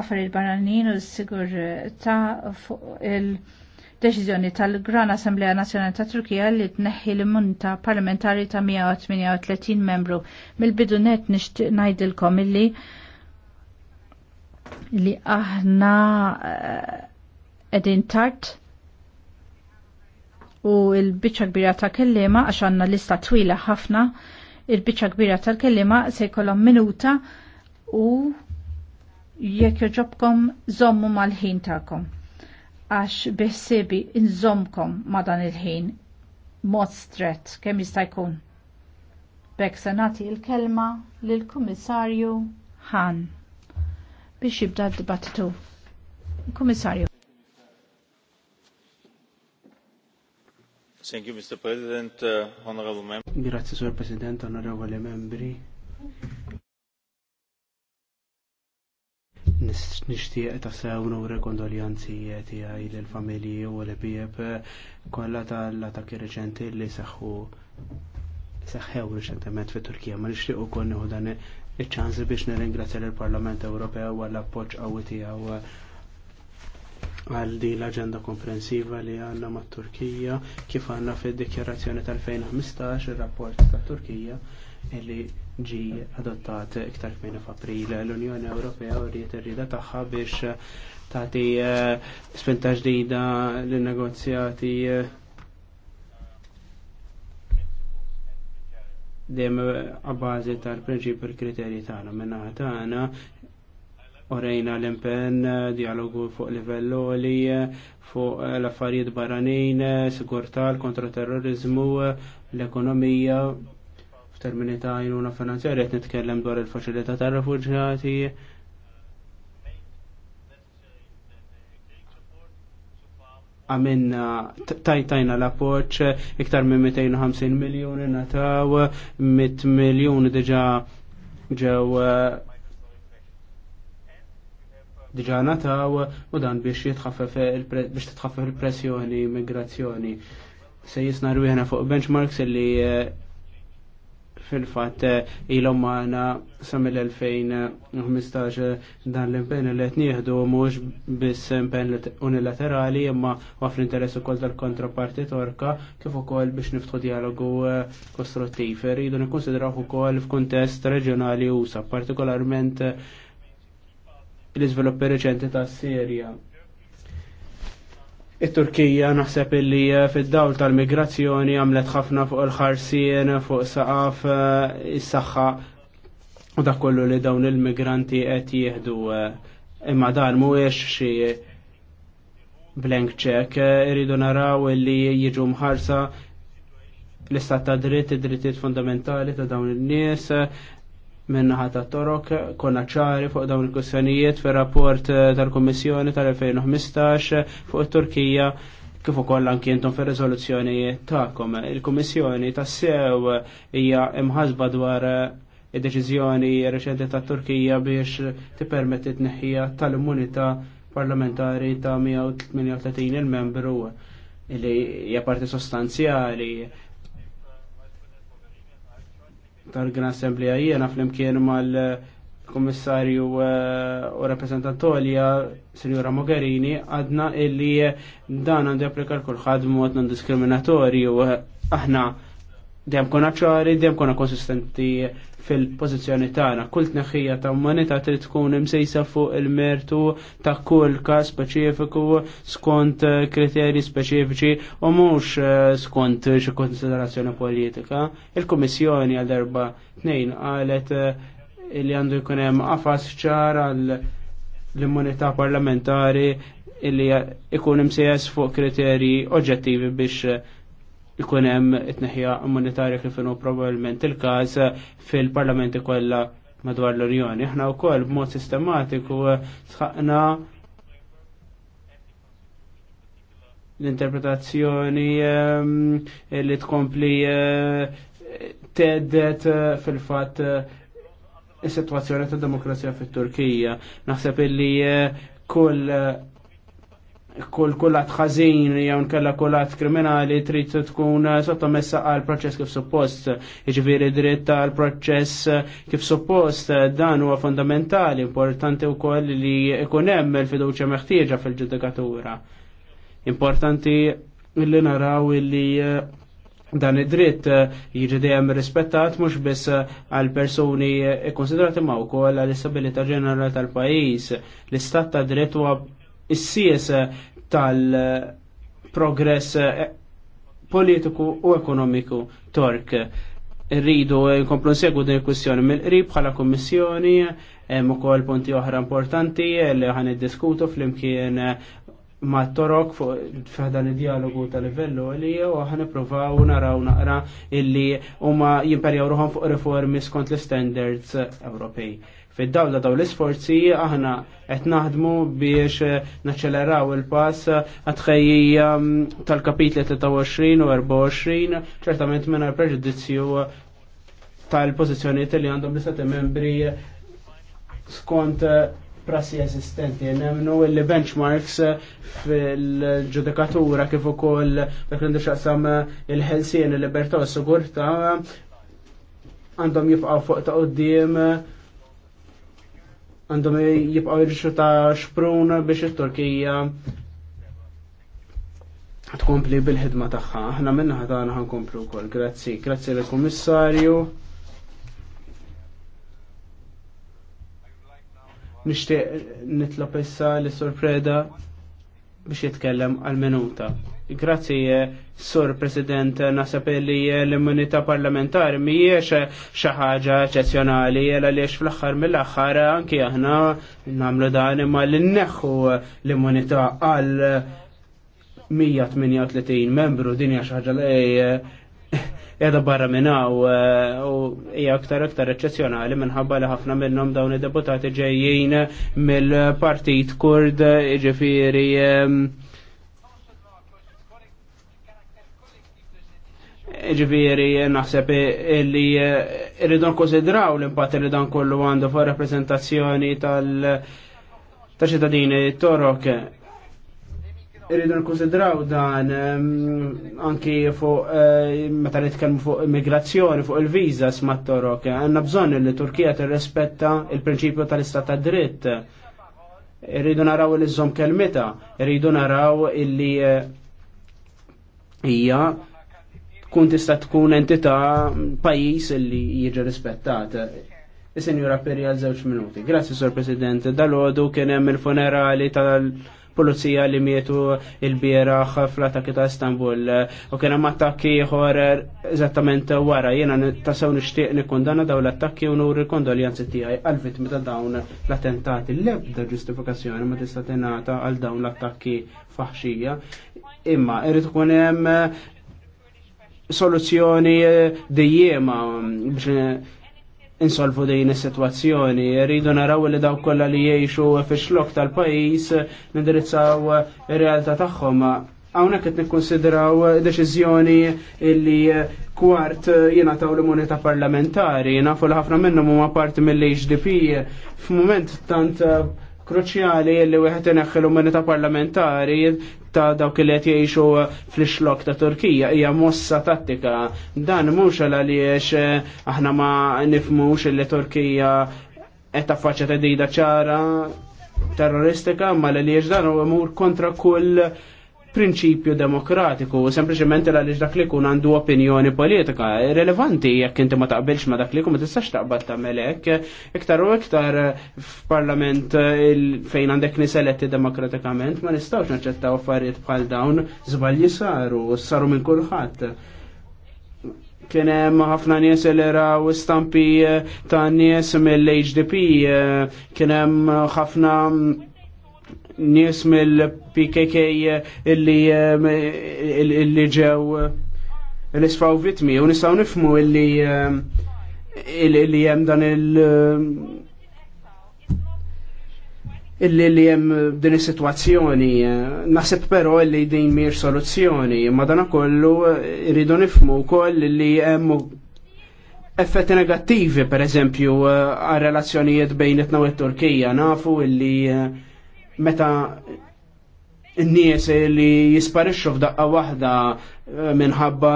affarijiet barranin u s ta' fuq il- deċiżjoni tal-Gran Assemblea Nazzjonali ta' Turkija li tneħħi l-munta parlamentari ta' 138 membru. Mill-bidu net nixtieq ngħidilkom illi li aħna qegħdin eh, tard u l-biċċa kbira ta' kellima għax għandna lista twila ħafna, il-biċċa kbira tal-kellima se jkollhom minuta u jekk joġobkom zommu mal-ħin tagħkom. Għax biħsibi nżomkom ma dan il-ħin mod stret kemm jista' jkun. Bek se nagħti l-kelma lill-Kummissarju Han biex jibda d-dibattitu. Kummissarju. Thank you, Mr. President, uh, Honorable Members. Grazie, Sir President, Honorable Membri. nishtiq ta' sewnu rekondoljanzi tiegħi lill familji u l-bieb kollha tal-attakki reċenti li seħħu seħħew reċentement fit turkija ma nixtieq konni u dan iċ-ċans biex nirringrazzja lill-Parlament Ewropew għall appoġġ qawwi tiegħu għal di l-agenda komprensiva li għanna ma' Turkija kif għanna fid dikjarazzjoni tal-2015 il-rapport ta' Turkija Illi ġi adottat iktar kmini f'April. L-Unjoni Ewropea u ir rrida tagħha biex tagħti eh, spinta ġdida l negozjati eh, dem għabbażi eh, tal-prinċipju l-kriterji tagħna minnaħa tagħna orejna l-impenn, dialogu fuq livell li fuq l-affarijiet barranin, sigurtà, l terrorizmu l-ekonomija, f'termini ta' jnuna finanzjarja qed nitkellem dwar il-faċilità tar-refuġjati. Għamenna tajtajna l-appoċ iktar minn 250 miljoni nataw, 100 miljoni diġa ġew diġa nataw u dan biex jitħaffef biex titħaffef il-pressjoni, immigrazzjoni. Se jisna rwiħna fuq benchmarks li fil-fat eh, il-om magħna sam mill-2015 dan l-impenn li qed nieħdu mhux biss impenn unilaterali imma għafl interessu ukoll tal-kontraparti torka kif ukoll biex niftħu dialogu eh, kostruttiv. Rridu nikkonsidraw ukoll f'kuntest reġjonali USA, partikolarment eh, l izvilupp reċenti ta' Sirja. Il-Turkija naħseb illi eh, fid-dawl tal-migrazzjoni għamlet ħafna fuq il-ħarsien, fuq saqaf, eh, is-saħħa u dak kollu li dawn il-migranti qed jieħdu eh, imma dan mhuwiex xi blank check irridu naraw illi jiġu mħarsa l-istat ta' dritt, id-drittijiet fundamentali ta' dawn in-nies, minnaħa ta' Torok, konna ċari fuq dawn il-kussjonijiet fir rapport eh, tal-Kommissjoni tal-2015 fuq il-Turkija kif ukoll anki intom fir riżoluzzjoni tagħkom. Il-Kummissjoni tassew hija imħasba dwar eh, id-deċiżjoni reċenti ta' Turkija biex tippermetti tneħħija tal-immunità parlamentari ta' 138 il-membru li hija parti sostanzjali tal-Gran Assemblea jiena fl-imkien mal komissarju eh, u rappresentantolja Signora Mogherini għadna illi dan għandu japplika l-kulħad mod non diskriminatorju eh, aħna dejjem konna ċari, dejjem konna konsistenti fil-pożizzjoni tagħna. Kull tneħħija ta' moneta trid tkun imsejsa fuq il-mertu ta' kull każ speċifiku skont eh, kriterji speċifiċi u mhux eh, skont xi konsiderazzjoni politika. Il-Kummissjoni għal darba tnejn qalet eh, li għandu jkun hemm ċar għal l-immunità parlamentari illi ikun imsejjes fuq kriterji oġġettivi biex ikun hemm it-neħja monetarja kif inhu probabbilment il-każ fil-parlamenti kollha madwar l-Unjoni. Aħna wkoll b'mod sistematiku sħaqna l-interpretazzjoni ehm, li tkompli eh, teddet eh, fil-fatt eh, is-sitwazzjoni ta' demokrazija fit-Turkija. Naħseb li kull kull kullat ħażin jew nkella kullat kriminali trid tkun sottomessa għal proċess kif suppost, jiġifieri dritt għal proċess kif suppost dan huwa fondamentali, importanti wkoll li ikun hemm il-fiduċja meħtieġa fil-ġudikatura. Importanti li naraw li dan id-dritt jiġi dejjem rispettat mhux biss għal persuni konsidrati ma' wkoll għall istabilità ġenerali tal-pajjiż. L-istat ta' dritt huwa is-sies tal-progress eh, politiku u ekonomiku tork. Rridu nkomplu nsegwu din il-kwistjoni mill-qrib bħala kummissjoni, hemm ukoll punti oħra importanti li ħan iddiskutu flimkien ma torok fuq dan id-dialogu tal livellu li u ħan ippruvaw naraw naqra illi huma jimperjaw ruħhom fuq riformi skont l-standards Ewropej. Fid-dawla daw l-isforzi aħna qed naħdmu biex eh, naċċeleraw il-pass għat-tħejjija mm, tal-kapitli 23 u 24 ċertament minn preġudizzju tal-pożizzjonijiet li għandhom l-istati membri skont eh, prassi esistenti, nemmnu il benchmarks eh, fil-ġudikatura kif ukoll dak li xaqsam il-ħelsien, il-libertà u s-sigurtà għandhom jibqgħu fuq ta' qudiem għandhom jibqaw jirġu ta' xprun biex il-Turkija tkompli bil-ħidma tagħha. Aħna minna ħadana komplu wkoll. Grazzi, grazzi l komissarju Nixtieq nitlob issa sorpreda biex jitkellem għal-minuta. Grazzi, eh, Sur President, eh, nasab li eh, l-immunità parlamentari mhijiex xi ħaġa eċċezzjonali għaliex fl-aħħar mill-aħħar anki aħna nagħmlu dan imma li nneħħu l-immunità għal 138 membru din hija xi ħaġa li jada barra minnaw u hija aktar aktar eċċezzjonali minħabba li ħafna minnhom dawn id-deputati ġejjin mill-Partit Kurd ġifieri ġviri naħseb li eh, rridu konsidraw l-impatt li dan kollu għandu fuq rappresentazzjoni tal ta' ċittadini torok. Irridu nkonsidraw dan ehm, anki fuq eh, meta nitkellmu fuq immigrazzjoni, fuq il vizas mat torok. Għandna bżonn li Turkija tirrespetta il-prinċipju tal-istat ta' dritt. Irridu naraw li żomm kelmita, irridu naraw illi eh, hija Kun tista' tkun entità pajjiż li jiġi rispettat. Is-Sinjura eh, Peri għal żewġ minuti. Grazzi, Sor President. Dal-għodu kien hemm il-funerali tal-pulizija li mietu il-bieraħ fl-attakki ta' Istanbul. U kien hemm attakki ieħor eh, eżattament wara. Jiena tasew nixtieq nikkundanna daw l-attakki u nuri kondoljanzi tiegħi għal vittmi ta' dawn l-attentati. L-ebda ġustifikazzjoni ma tista' tingħata għal dawn l-attakki faħxija imma irrid ikun hemm soluzzjoni eh, dejjema mm, biex eh, insolvu din is-sitwazzjoni. Rridu naraw li dawk kollha li jgħixu fix-xlok tal-pajjiż eh, nindirizzaw ir-realtà tagħhom. Hawnhekk qed nikkonsidraw deċiżjoni li kwart taw l-immunità parlamentari, nafu li ħafna minnhom huma parti mill-HDP f'mument tant kruċjali li wieħed ineħħilu l parlamentari ta' dawk li qed jgħixu fl-ixlok ta' Turkija hija mossa tattika. Dan mhux għaliex eh, aħna ma nifmux li Turkija qed taffaċċja tedida ċara terroristika ma l-għaliex dan huwa mur kontra kull prinċipju demokratiku, sempliciment la għaliex dak li kun għandu opinjoni politika, relevanti jekk inti ma taqbilx ma dak li kun ma tistax taqbad tagħmel hekk, iktar u iktar eh, f'parlament eh, fejn għandek nies eletti demokratikament ma nistgħux naċċettaw affarijiet bħal dawn żbalji saru, saru minn kulħadd kien hemm ħafna nies li raw stampi eh, ta' nies mill-HDP, kien hemm ħafna nies mill-PKK um, illi ġew uh, l-isfaw vitmi u nistaw nifmu illi um, illi jem dan il- um, illi li jem din is-sitwazzjoni. Naħseb però illi din mir soluzzjoni, ma dana kollu rridu nifmu wkoll li hemm effetti negattivi, per eżempju, uh, għal relazzjonijiet bejn u t-Turkija, nafu illi uh, meta n-nies li jisparixxu f'daqqa waħda eh, minħabba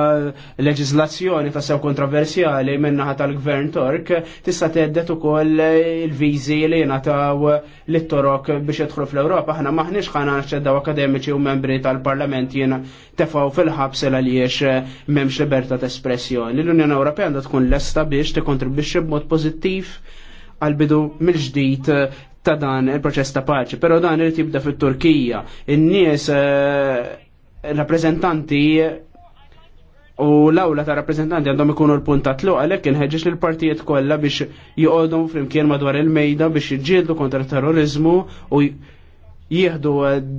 leġislazzjoni ta' sew kontroversjali minnaħa tal-gvern Tork tista' teddet ukoll il-viżi li jingħataw lit-torok biex jidħlu fl-Ewropa. Aħna maħniex ħana naċċeddaw akademiċi u membri tal-Parlament jiena tefgħu fil-ħabs l għaliex m'hemmx libertà ta' espressjoni. L-Unjoni Ewropea għandha tkun lesta biex tikkontribwixxi b'mod pożittiv għal-bidu mill-ġdid ta' dan il-proċess ta' paċi, pero dan irid jibda fit-Turkija. In-nies eh, rappreżentanti U l-awla ta' rappresentanti għandhom ikunu l-punt ta' tluq għalhekk li lill partijiet kollha biex joqogħdu flimkien madwar il-mejda biex jiġġieldu kontra terrorizmu u jieħdu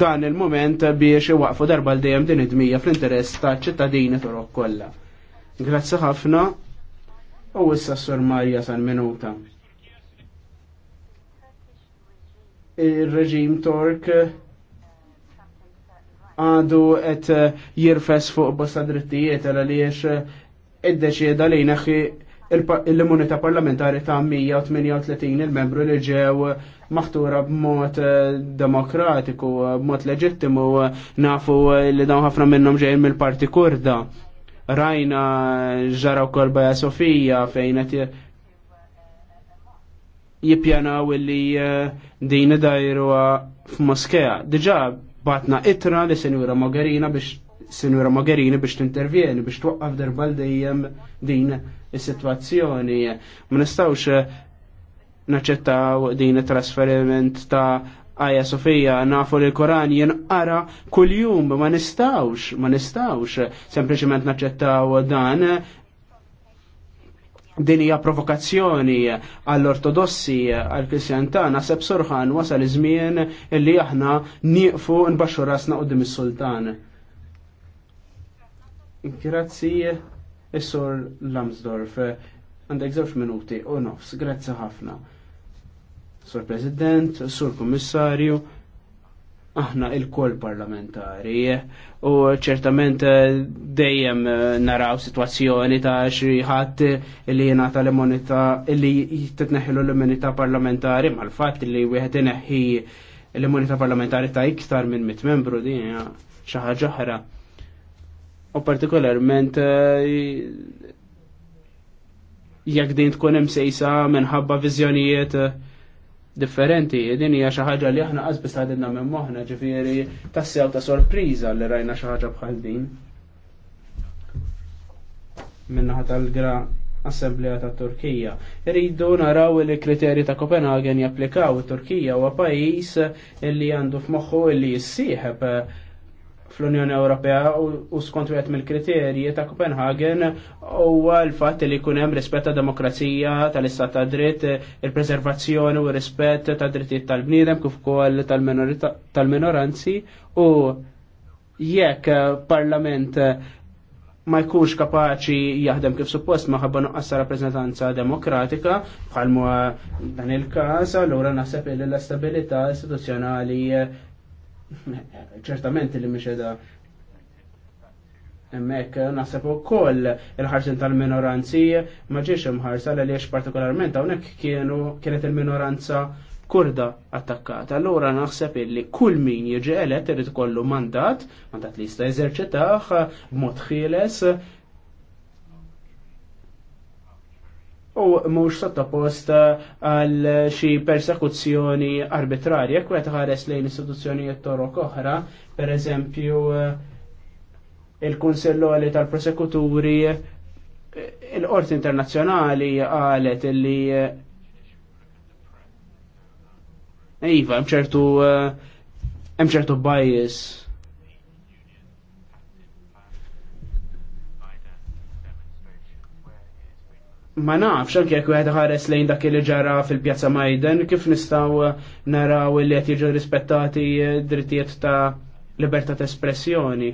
dan il-moment biex iwaqfu darba l dejjem din id-dmija fl-interess ta' ċittadini Torok kollha. Grazzi ħafna u issa s-sur Marja san minuta. il-reġim Tork għadu et eh, jirfes fuq bosta drittijiet għal li jiex eh, id-deċieda li naħi l-immunità parlamentari ta' 138 il-membru li ġew maħtura b'mod eh, demokratiku, b'mod leġittimu, nafu li dawn ħafna minnhom ġejn mill-Parti Kurda. Rajna ġara kolba Sofija fejn qed jippjanaw illi eh, din dajru f-moskeja. Dġa batna itra li Senjura Mogherina biex Senjura Mogherini biex tintervjeni biex twaqqaf darbal dejjem din is-sitwazzjoni. Ma nistgħux eh, naċċettaw din it-trasferiment ta' Aja Sofija nafu li l-Koran jenqara kull-jum ma nistawx, ma nistawx, sempliciment naċċettaw dan din hija provokazzjoni għall-ortodossi għall-kristjanità naħseb surħan wasal iż-żmien illi aħna nieqfu nbaxxu rasna qudiem is-sultan. Grazzi is-sur Lamsdorf għandek żewġ minuti u nofs, grazzi ħafna. Sur President, Sur Kummissarju, aħna il-kol parlamentari u ċertament eh, dejjem eh, naraw situazzjoni ta' xi ħadd li jingħata l-immunità li titneħħilu l-immunità parlamentari mal-fatt li wieħed ineħħi l-immunità parlamentari ta' iktar minn mit membru din xi ħaġa oħra. U partikolarment eh, jekk din tkun hemm sejsa minħabba viżjonijiet differenti, din hija xi ħaġa li aħna qasbis għadilna minn moħħna, ġifieri tassew ta' sorpriża li rajna xi ħaġa bħal din. Minnaħa tal-gra Assemblea ta' Turkija. Irridu naraw li kriterji ta' Kopenhagen japplikaw it Turkija huwa pajjiż li għandu f'moħħu li jissieħeb fl-Unjoni Ewropea u skont wieħed mill-kriterji ta' Copenhagen huwa l-fatt li jkun hemm rispett ta' demokrazija tal-istat ta' dritt, il-preservazzjoni u rispett ta' drittijiet tal-bniedem kif ukoll tal-minoranzi u jekk parlament ma jkunx kapaċi jaħdem kif suppost ma ħabba nuqqas rappreżentanza demokratika bħalma dan il-każ allura naħseb li l-istabilità istituzzjonali Eh, ċertament li mhix edha Emmek, eh, nasab u koll il-ħarsin tal-minoranzi ġiex imħarsa li liex partikolarment hawnhekk kienu kienet il-minoranza kurda attakkata. Allura naħseb illi kull min jiġi elet irid kollu mandat, mandat li jista' jeżerċitaħ b'mod ħieles u mhux sottopost għal xi persekuzzjoni arbitrarja kwet ħares lejn istituzzjonijiet torok oħra, pereżempju eh, il-Kunselloli tal-Prosekuturi eh, il-Qorti Internazzjonali qalet li eh, Iva, hemm ċertu hemm ċertu ma nafx anke jekk wieħed ħares lejn dak li ġara fil-Pjazza Majden, kif nistgħu naraw li qed jiġu rispettati eh, drittijiet ta' libertà ta' espressjoni.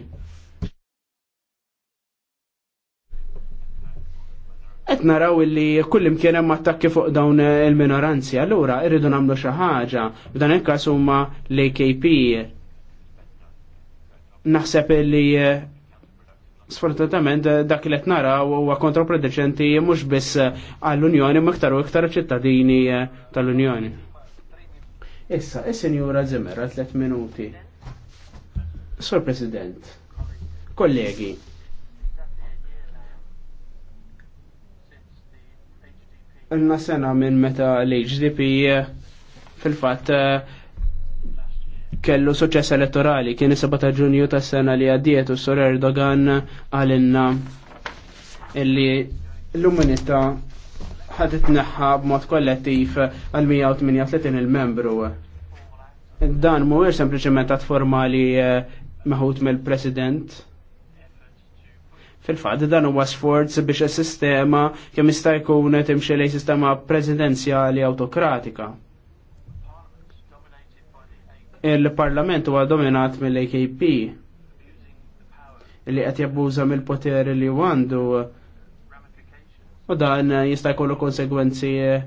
Qed naraw li kull imkien hemm attakki fuq dawn il-minoranzi, allura irridu nagħmlu xi ħaġa. B'dan il-każ huma l-AKP naħseb li eh, sfortunatament dak li qed naraw huwa kontraproducenti mhux biss għall-Unjoni ma iktar u iktar ċittadini eh, tal-Unjoni. Issa, is-Sinjura Zimmer għal tliet minuti. Sur President, kollegi, inna sena minn meta l-HDP eh, fil-fatt eh, kellu suċess elettorali kien is ta' ġunju tas sena li għaddiet u Sur Erdogan għalinna illi l-umanità ħad itneħħa b'mod kollettiv għal 138 il-membru. Dan mhuwiex sempliċement għat formali eh, maħut mill-President. Fil-fatt dan huwa sforz biex is-sistema kemm jista' jkun timxi lejn sistema presidenzjali autokratika il-parlament huwa dominat mill-AKP li qed jabbuża mill-poteri li għandu u dan jista' jkollu konsegwenzi eh,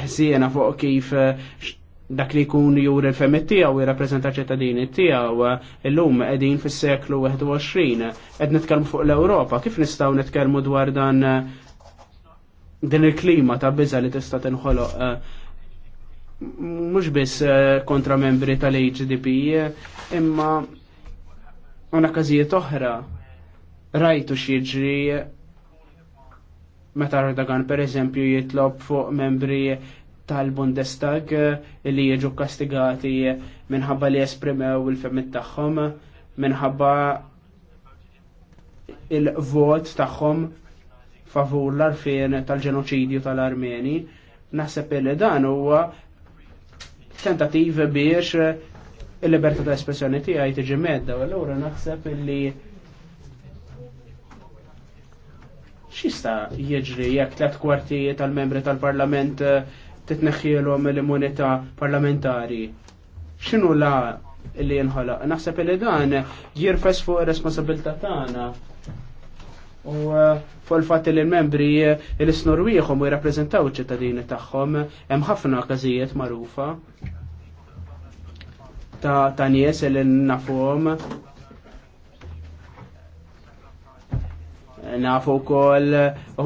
ħsiena fuq kif eh, dak li jkun jur il-femet tiegħu jirrappreżenta ċittadini tiegħu eh, illum qegħdin fis-seklu 21 qed nitkellmu fuq l-Ewropa kif nistgħu nitkellmu dwar dan din il-klima ta' biża li tista' tinħoloq mhux biss eh, kontra membri tal-HDP imma una każijiet oħra rajtu xieġri meta Erdogan per eżempju jitlob fuq membri tal-Bundestag eh, li jiġu kastigati minħabba li esprimew il-femmit tagħhom minħabba il-vot tagħhom favur l-arfien tal-ġenoċidju tal-Armeni. Naħseb li dan huwa tentativ biex eh, il-libertà ta' espressjoni tiegħi tiġi medda u allura naħseb li xista jiġri jekk tliet kwarti tal-membri tal-Parlament eh, titneħħielhom l-immunità parlamentari. X'inhu la li jinħolaq? Naħseb li dan jirfes fuq ir-responsabilità tagħna U eh, fuq il-fatt li l-membri eh, il-snorwieħom u jirrappreżentaw iċ-ċittadini tagħhom hemm ħafna każijiet magħrufa ta' tanies nies li nafhom. nafu kol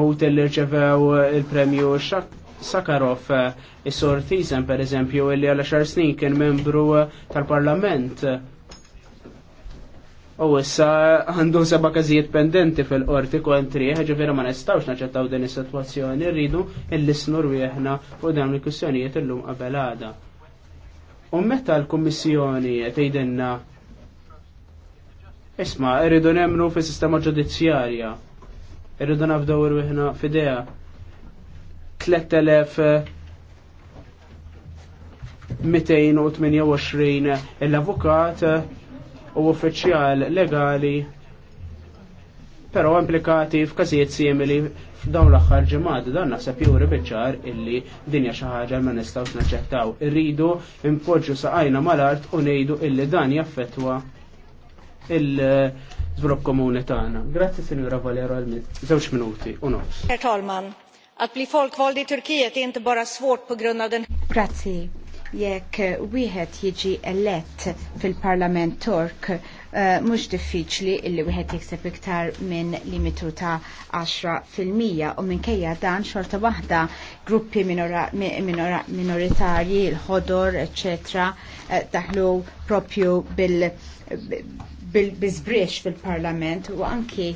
hotel li rċevew il-premju Sakarov eh, is-sortizem per eżempju li għal xar snin kien membru tal-parlament U issa għandhom seba każijiet pendenti fil-qorti kontri, ġifieri ma nistgħux naċċettaw din is-sitwazzjoni, rridu l-isnur wieħna u dawn il-kwistjonijiet illum qabel għada. U meta l-Kummissjoni tgħidilna Isma, irridu nemnu fis sistema ġudizzjarja. Irridu nafdaw wieħna fidea. 3228 eh, l-avukat u uffiċjal legali però implikati f'każijiet simili f'dawn l-aħħar ġimgħat dan naħseb juri biċċar illi dinja xi ħaġa ma nistgħux naċċettaw. Irridu impoġġu saqajna mal-art u ngħidu illi dan jaffettwa il-żvilupp komuni tagħna. Grazzi Sinjura Valero għal żewġ minuti u nofs. Herr talman, bara den Grazie jekk eh, wieħed jiġi elett fil-Parlament Tork eh, mhux diffiċli illi wieħed jikseb iktar minn limitu ta' 10% u minkejja dan xorta waħda gruppi minoritarji, il-ħodor, eċetera, eh, daħlu propju bil-bizbriex fil-Parlament u anki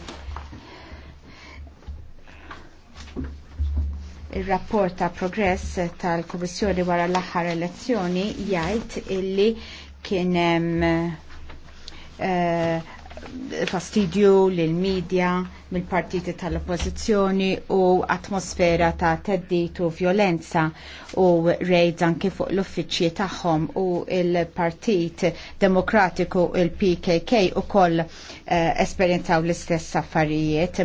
il-rapport ta' progress tal-Komissjoni wara l-aħħar elezzjoni jgħid illi kien hemm uh, fastidju lil medja mill-partiti tal-oppozizjoni u atmosfera ta' teddit u violenza u rejds anki fuq l uffiċċji tagħhom u il-Partit Demokratiku il-PKK u koll eh, esperienzaw l-istess affarijiet.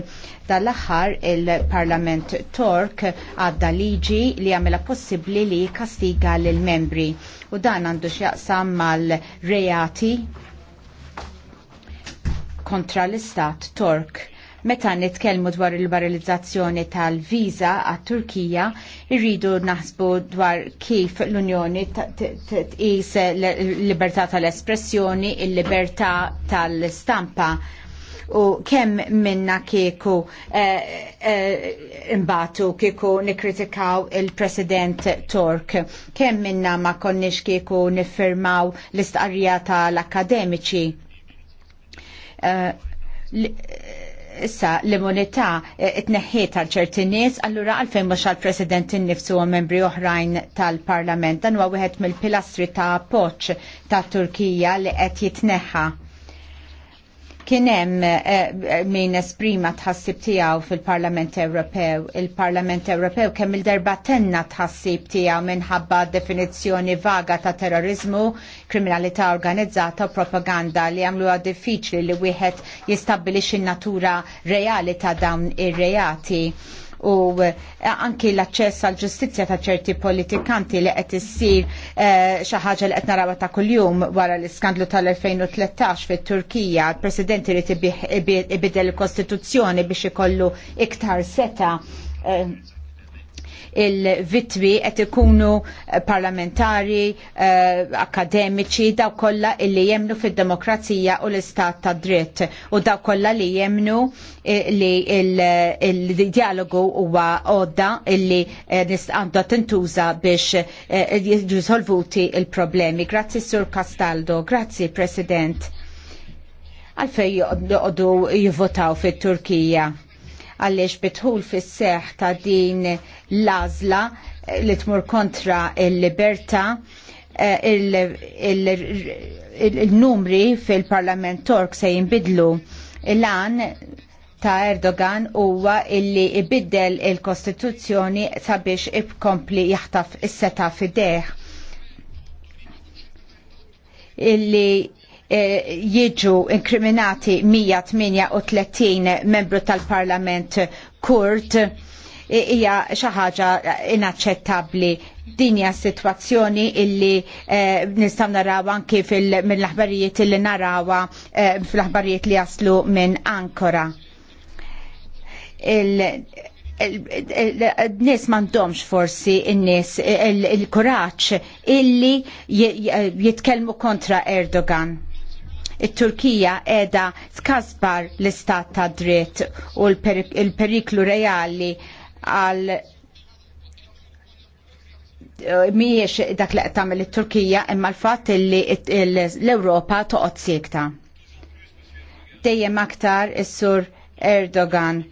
Dal-aħħar il-Parlament Tork għadda liġi li għamela possibbli li kastiga l-membri u dan għandu xjaqsam mal-rejati kontra l-istat Tork. Meta nitkellmu dwar il liberalizzazzjoni tal-viża għat turkija irridu naħsbu dwar kif l-Unjoni tqis l-libertà tal-espressjoni, il-libertà tal-stampa u kemm minna kieku eh, eh, imbatu kieku nikritikaw il-President Tork, kemm minna ma konniex kieku niffirmaw l-istqarrija tal-akademiċi Eh, issa l-immunità eh, tneħħiet għal ċerti nies, allura għalfejn mhux għall president innifsu u membri oħrajn tal-Parlament dan huwa wieħed mill-pilastri ta' appoġġ tat Turkija li qed jitneħħa Kien hemm eh, eh, min esprima tħassib tiegħu fil-Parlament Ewropew. Il-Parlament Ewropew kemm il-darba tenna tħassib tiegħu minħabba definizzjoni vaga ta' terrorizmu, kriminalità organizzata u propaganda li għamluha diffiċli li wieħed jistabbilix in-natura reali ta' dawn ir-reati u eh, anki l-aċċess għal ġustizzja ta' ċerti politikanti li qed issir eh, xi ħaġa li qed narawha ta' kuljum wara l-iskandlu tal-2013 fit-Turkija, il-President irid ibidel il-Kostituzzjoni biex ikollu iktar seta' eh, il-vitwi qed ikunu eh, parlamentari, eh, akademiċi, daw kollha illi jemnu fid-demokrazija u l-istat ta' dritt u daw kollha li jemnu eh, li il-dialogu huwa għodda illi eh, għandha tintuża biex jisolvuti il-problemi. Grazzi Sur Castaldo, grazzi President għalfej joqdu jivvotaw fit-Turkija għaliex bitħul fis seħħ ta' din l-azla li tmur kontra il-liberta eh, il-numri fil-parlament tork se jimbidlu l-għan ta' Erdogan huwa illi ibiddel il-Kostituzzjoni sabiex ibkompli jaħtaf is-seta fideħ. Illi Eh, jiġu inkriminati 138 membru tal-Parlament Kurt eh, hija xi ħaġa inaċċettabbli dinja situazzjoni illi eh, nistgħu naraw anki mill-aħbarijiet illi narawa eh, fl-aħbarijiet li jaslu minn Ankara. Il, nis mandomx forsi n-nis il-kuraċ illi jitkelmu kontra Erdogan it-Turkija edha skasbar l-istat ta' dritt u l-periklu reali għal eh, miex dak li tagħmel it-Turkija imma l-fatt li l-Ewropa toqgħod siekta. Dejjem aktar is-sur Erdogan eh,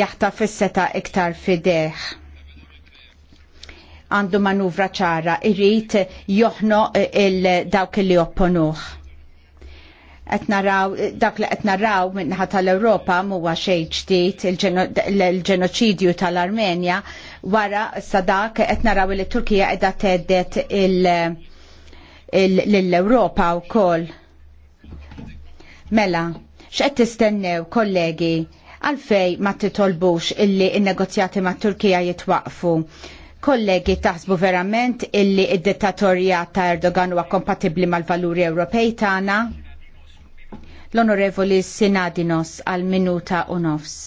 jaħtaf is-seta iktar fideħ għandu manuvra ċara, irrit joħno il-dawk li opponuħ qed naraw dak li qed naraw minnaħa tal-Ewropa mwa xejn ġdid il-ġenoċidju tal-Armenja wara sa dak qed naraw li Turkija qiegħda teddet l-Ewropa wkoll. Mela, x'qed tistennew kollegi għalfej ma titolbux illi il-negozjati ma' Turkija jitwaqfu. Kollegi taħsbu verament illi id-dittatorja ta' Erdogan huwa kompatibbli mal-valuri Ewropej tagħna? l-Onorevoli Sinadinos għal minuta u nofs.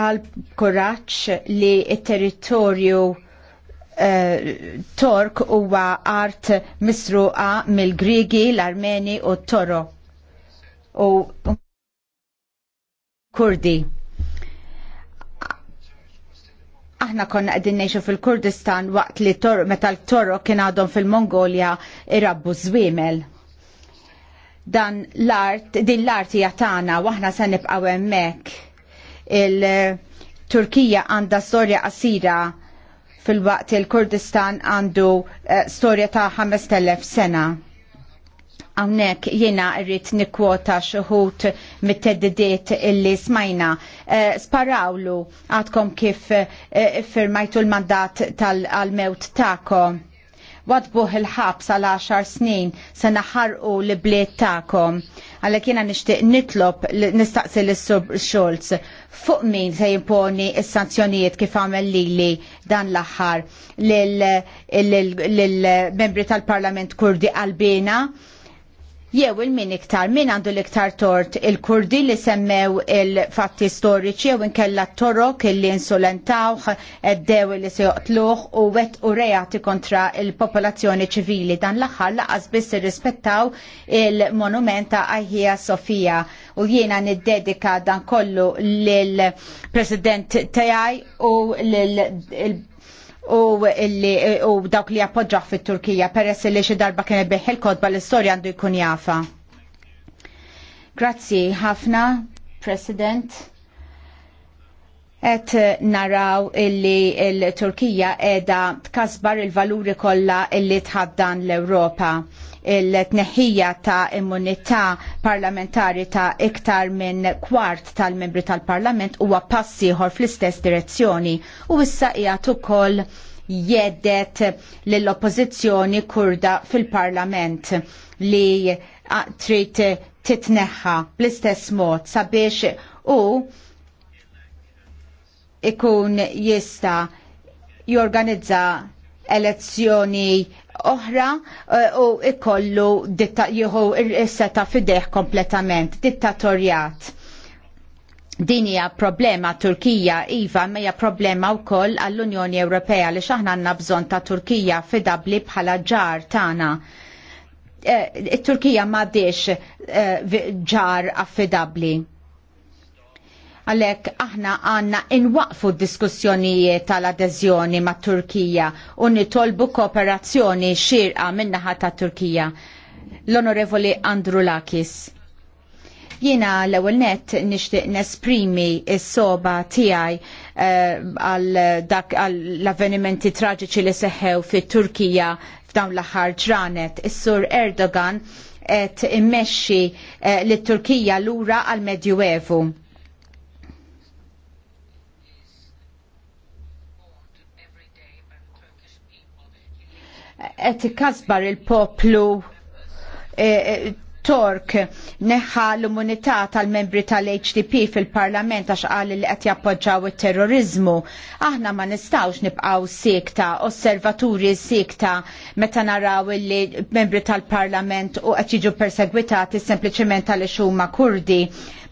għal korraċ li il-territorju eh, Tork huwa art misruqa mill-Grigi, l-Armeni u t-Toro u Kurdi. Aħna konna qegħdin ngħixu fil-Kurdistan waqt li tor meta l-toro kien għadhom fil-Mongolja irabbu żwiemel. Dan l-art, din l-art hija tagħna u aħna se nibqgħu hemmhekk. Il-Turkija għandha storja qasira fil-waqt il-Kurdistan għandu eh, storja ta' 5000 sena. Għawnek jena rrit nikwota xuħut mit-teddidiet illi smajna. Eh, sparawlu għadkom kif eh, firmajtu l-mandat tal-mewt ta'kom. Wadbuħ il-ħabs għal 10 snin se naħarqu l-bliet ta'kom. Għalek kiena nishtiq nitlob nistaqsi l-Sur Schulz fuq min se jimponi s-sanzjonijiet kif għamel lili dan l-aħħar l-membri tal-Parlament Kurdi għalbina jew il-min iktar, min għandu l-iktar tort, il-kurdi li semmew il-fatti storiċi jew inkella torok li insolentawħ, eddew li se joqtluħ u wet u reati kontra il-popolazzjoni ċivili dan l-axħar laqas biss irrispettaw il-monument ta' Sofija u jiena niddedika dan kollu l-president tajaj u l u, illi, u dawk li appoġġaħ fit-Turkija peress li xi darba kien beħ il-kodba l-istorja għandu jkun jafa. Grazzi ħafna, President et naraw illi il-Turkija edha tkasbar il-valuri kollha illi tħaddan l-Ewropa il-tneħħija ta' immunità parlamentari ta' iktar minn kwart tal-membri tal-parlament huwa passi ħor fl-istess direzzjoni u issa qiegħed ukoll jedet lill-oppożizzjoni kurda fil-parlament li trid titneħħa bl-istess mod sabiex u ikun jista jorganizza elezzjoni oħra eh, u ikollu jieħu il seta fideħ kompletament, dittatorjat. Din hija problema Turkija iva ma hija problema wkoll għall-Unjoni Ewropea li x'aħna għandna bżonn ta' Turkija fidabli bħala ġar tagħna. it eh, Turkija m'għaddix uh, eh, ġar affidabli. Għalek aħna għanna inwaqfu diskussjonijiet tal-adeżjoni ma' Turkija u nitolbu kooperazzjoni xirqa minnaħa ta' Turkija. L-Onorevoli Andru Lakis. Jiena l ewwel net nixtieq nesprimi s-soba tiegħi eh, għal l-avvenimenti traġiċi li seħew fit Turkija f'dawn l-aħħar ġranet. Is-sur Erdogan qed immexxi eh, lit turkija lura għal Medjuevu qed ikkasbar il-poplu e, e, Tork neħħa l-immunità tal-membri tal-HDP fil-parlament għax qal li qed jappoġġaw it-terrorizmu. Aħna ma nistgħux nibqgħu sikta, osservaturi sikta meta naraw li membri tal-parlament u qed jiġu persegwitati sempliċement għaliex huma Kurdi.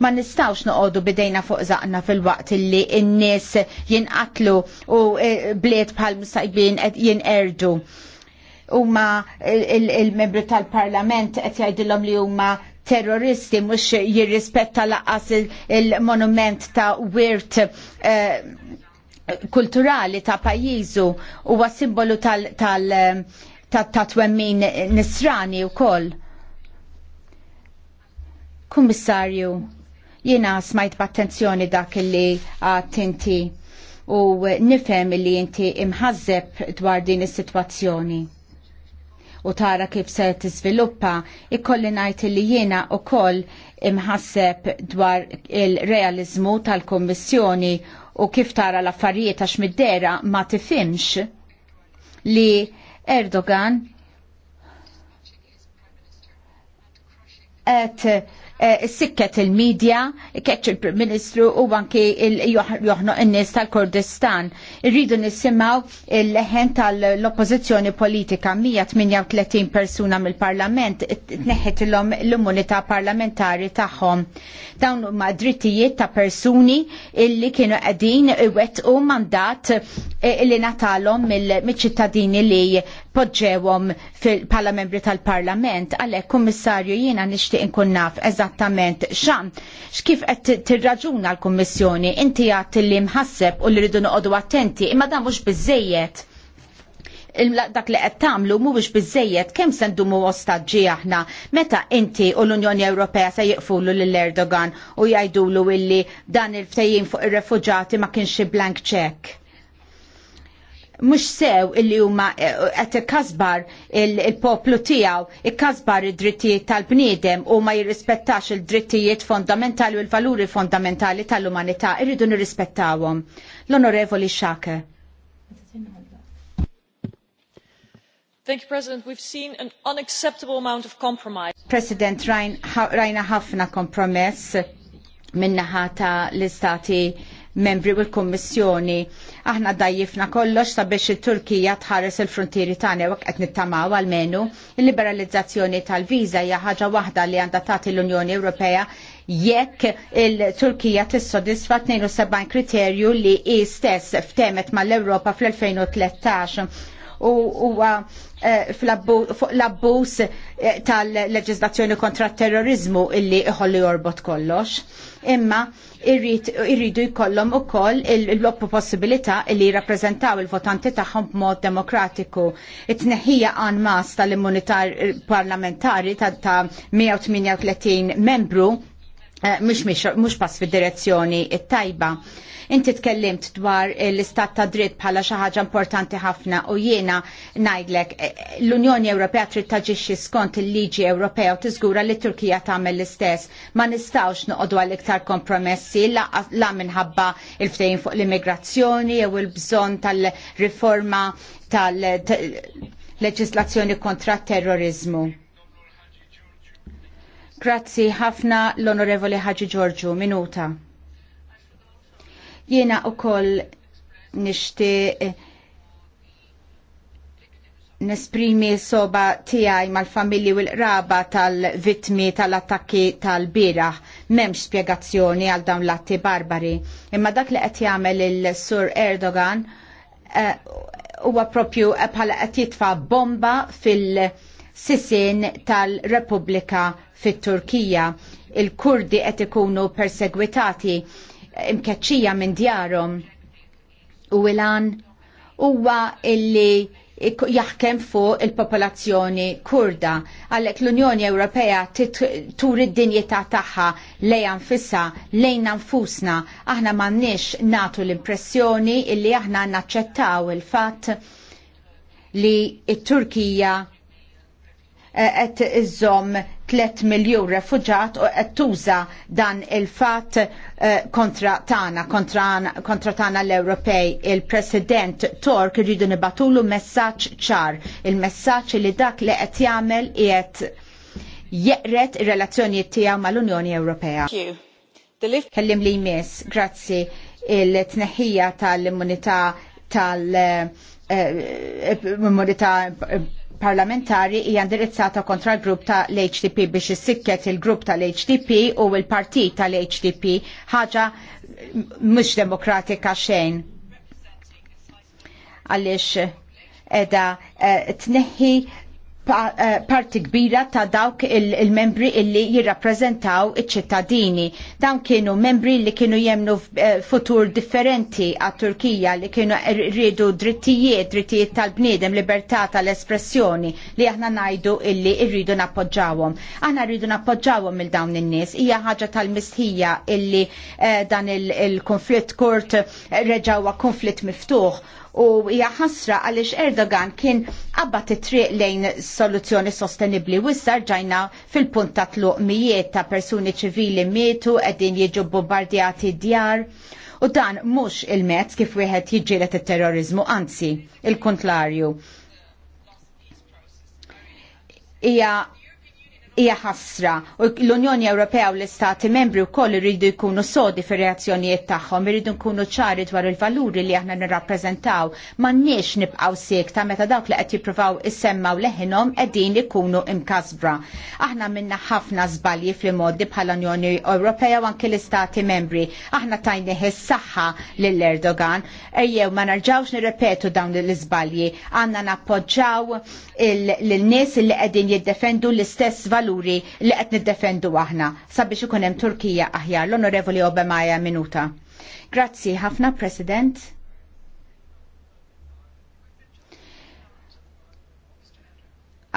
Ma nistgħux noqogħdu bidejna fuq zaqna fil-waqt li n-nies jinqatlu u e, bliet bħal mustaqbin jinqerdu huma il-membri tal-Parlament qed jgħidilhom li huma terroristi mhux jirrispetta laqas il-monument ta' wirt eh, kulturali ta' pajjiżu huwa simbolu tal twemmin nisrani wkoll. Kummissarju, jiena smajt b'attenzjoni dak li għattinti u nifhem li inti imħazzeb dwar din is-sitwazzjoni u tara kif se tiżviluppa, ikolli ngħid li jiena wkoll imħasseb dwar il-realizmu tal-Kommissjoni u kif tara l-affarijiet għax middera ma tifimx li Erdogan qed Eh, sikket il-medja, keċ il-Prim-Ministru u il joħno n-nis tal-Kurdistan. Irridu nissimaw il-leħen tal-oppozizjoni politika 138 persuna mill-Parlament neħet l-immunità parlamentari tagħhom. Dawn huma drittijiet ta' persuni illi kienu qegħdin iwettqu mandat eh, illi natalom mill-ċittadini li podġewom pala membri tal-parlament, għalek kummissarju jiena nishtiq nkun naf eżattament x'an. Xkif qed tirraġuna l-Kummissjoni, inti għat li mħasseb u li rridu noqogħdu attenti, imma da mhux bizzejiet. dak li qed tagħmlu mhuwiex bizzejiet kemm se ndumu ostaġġi aħna meta inti u l-Unjoni Ewropea se jiqfulu l Erdogan u jgħidulu illi dan il-ftejjin fuq ir refugġati ma kienx blank check mhux sew illi huma eh, qed ikkasbar il-poplu tiegħu, ikkasbar id-drittijiet tal-bniedem u ma jirrispettax il-drittijiet fondamentali u l-valuri fondamentali tal-umanità irridu nirrispettawhom. L-Onorevoli Xake. Thank you, President. We've seen an unacceptable amount of compromise. President, rajna ħafna kompromess minnaħa ta' l-istati membri u l-Kommissjoni. Aħna dajjifna kollox sabiex il-Turkija tħares il-frontieri tagħna waqt qed nittamaw għal menu. Il-liberalizzazzjoni tal-viża hija ħaġa waħda li għandha tagħti l-Unjoni Ewropea jekk il-Turkija tissodisfa 72 kriterju li i stess ftemet mal-Ewropa fl-2013 u huwa eh, fuq l-abbuż eh, tal-leġislazzjoni kontra terrorizmu illi iħolli jorbot kollox. Imma irridu jkollhom ukoll il loppu possibilità li jirrappreżentaw il-votanti tagħhom b'mod demokratiku. It-tneħħija għan mas tal-immunità parlamentari ta' 138 membru Eh, mux, mux pass fid direzzjoni it-tajba. Inti tkellimt dwar l-istat ta' dritt bħala xi ħaġa importanti ħafna u jiena ngħidlek eh, l-Unjoni Ewropea trid taġixxi skont il-liġi Ewropea u tiżgura li Turkija tagħmel l-istess. Ma nistgħux noqogħdu għal iktar kompromessi la minħabba il-ftehim fuq l-immigrazzjoni jew il-bżonn tal-riforma tal-leġislazzjoni kontra terrorizmu Grazzi ħafna l-Onorevoli Ħaġi Ġorġu, minuta. Jiena u koll nishti eh, nesprimi soba tiegħi mal-familji u l-qraba tal-vittmi tal-attakki tal bira m'hemmx spjegazzjoni għal dawn l-atti barbari. Imma dak li qed jagħmel il-Sur Erdogan eh, huwa uh, propju bħala qed jitfa' bomba fil- sisin tal-Repubblika fit-Turkija. Il-Kurdi qed ikunu persegwitati imkeċċija minn djarhom u ilan huwa illi jaħkem fuq il-popolazzjoni kurda. Għallek l-Unjoni Ewropea tur id-dinjità tagħha lejn fissa lejn anfusna, aħna m'għandniex natu l-impressjoni illi aħna naċċettaw il-fatt li t-Turkija il fatt li t turkija qed iżżomm 3 miljun refugġat u qed tuża dan il-fatt eh, kontra tagħna, kontra tagħna l-Ewropej. Il-President Tork rridu nibatulu messaġġ ċar, il-messaġġ li dak li qed jagħmel qiegħed jeqret ir-relazzjonijiet tiegħu mal-Unjoni Ewropea. Kellim li jmiss, grazzi il-tneħħija tal-immunità tal eh, eh, immunita parlamentari hija indirizzata kontra l-grupp ta' l-HDP biex issikket il-grupp ta' l-HDP u l-partit ta' l-HDP ħaġa mhux demokratika xejn. Għaliex edha eh, tneħħi Eh, parti kbira ta' dawk il-membri il illi jirrappreżentaw iċ-ċittadini. Dawn kienu membri li kienu jemnu eh, futur differenti għat Turkija li kienu er, rridu drittijiet, drittijiet tal-bniedem, libertà tal-espressjoni li aħna najdu illi rridu nappoġġawhom. Aħna rridu nappoġġawhom il dawn in-nies. Hija ħaġa tal-mistħija illi eh, dan il-konflitt il kurt reġawa konflitt miftuħ u hija ħasra għaliex Erdogan kien qabad it-triq lejn soluzzjoni sostenibbli u issa ġajna fil-punt ta' tluq mijiet ta' persuni ċivili mietu qegħdin jiġu bombardjati djar. U dan mhux il-mezz kif wieħed jiġġieled it-terrorizmu, anzi, il-kontlarju. Ija hija ħasra u l-Unjoni Ewropea u l-Istati membri wkoll rridu jkunu sodi fir-reazzjonijiet tagħhom, iridu nkunu ċari dwar il-valuri li aħna nirrappreżentaw, m'għandniex nibqgħu ta' meta dawk li qed jippruvaw issemmaw leħinhom qegħdin ikunu imkasbra. Aħna minna ħafna żbalji fl-modi bħala Unjoni Ewropea u anke l-Istati membri. Aħna tajni saħħa lill erdogan ejjew ma narġawx nirrepetu dawn l-iżbalji. Għandna nappoġġaw lil nies li qegħdin jiddefendu l-istess valuri valuri li qed niddefendu aħna sabiex ikun hemm Turkija aħjar l-Onorevoli Obemaja minuta. Grazzi ħafna President.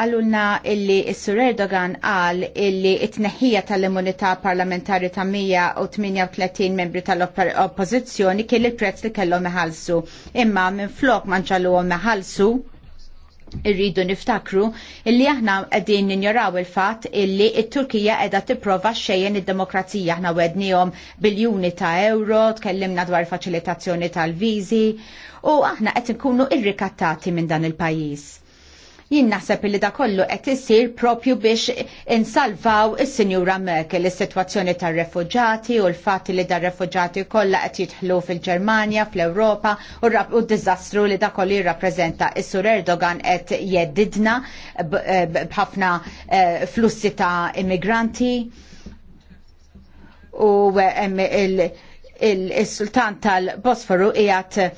għallulna illi s-Sur Erdogan għal illi it-neħija tal-immunità parlamentari ta' 138 membri tal-oppozizjoni kien il-prezz li kellhom iħallsu. Imma minn flok manċallu għom iħallsu irridu niftakru illi aħna qegħdin ninjoraw il-fatt illi it-Turkija qiegħda tipprova xejjen id-demokrazija aħna wednihom biljuni ta' euro, tkellimna dwar faċilitazzjoni tal-viżi u aħna qed inkunu irrikattati minn dan il-pajjiż. Jien naħseb li da kollu qed isir propju biex insalvaw is-Sinjura Merkel is-sitwazzjoni tar-refuġati u l-fatt li dar-refuġati kollha qed jitħlu fil-Ġermanja, fl-Ewropa u d-diżastru li da kollu jirrappreżenta is-Sur Erdogan qed jeddidna eh, b'ħafna eh, flussi ta' immigranti u eh, il-sultan tal-Bosforu qiegħed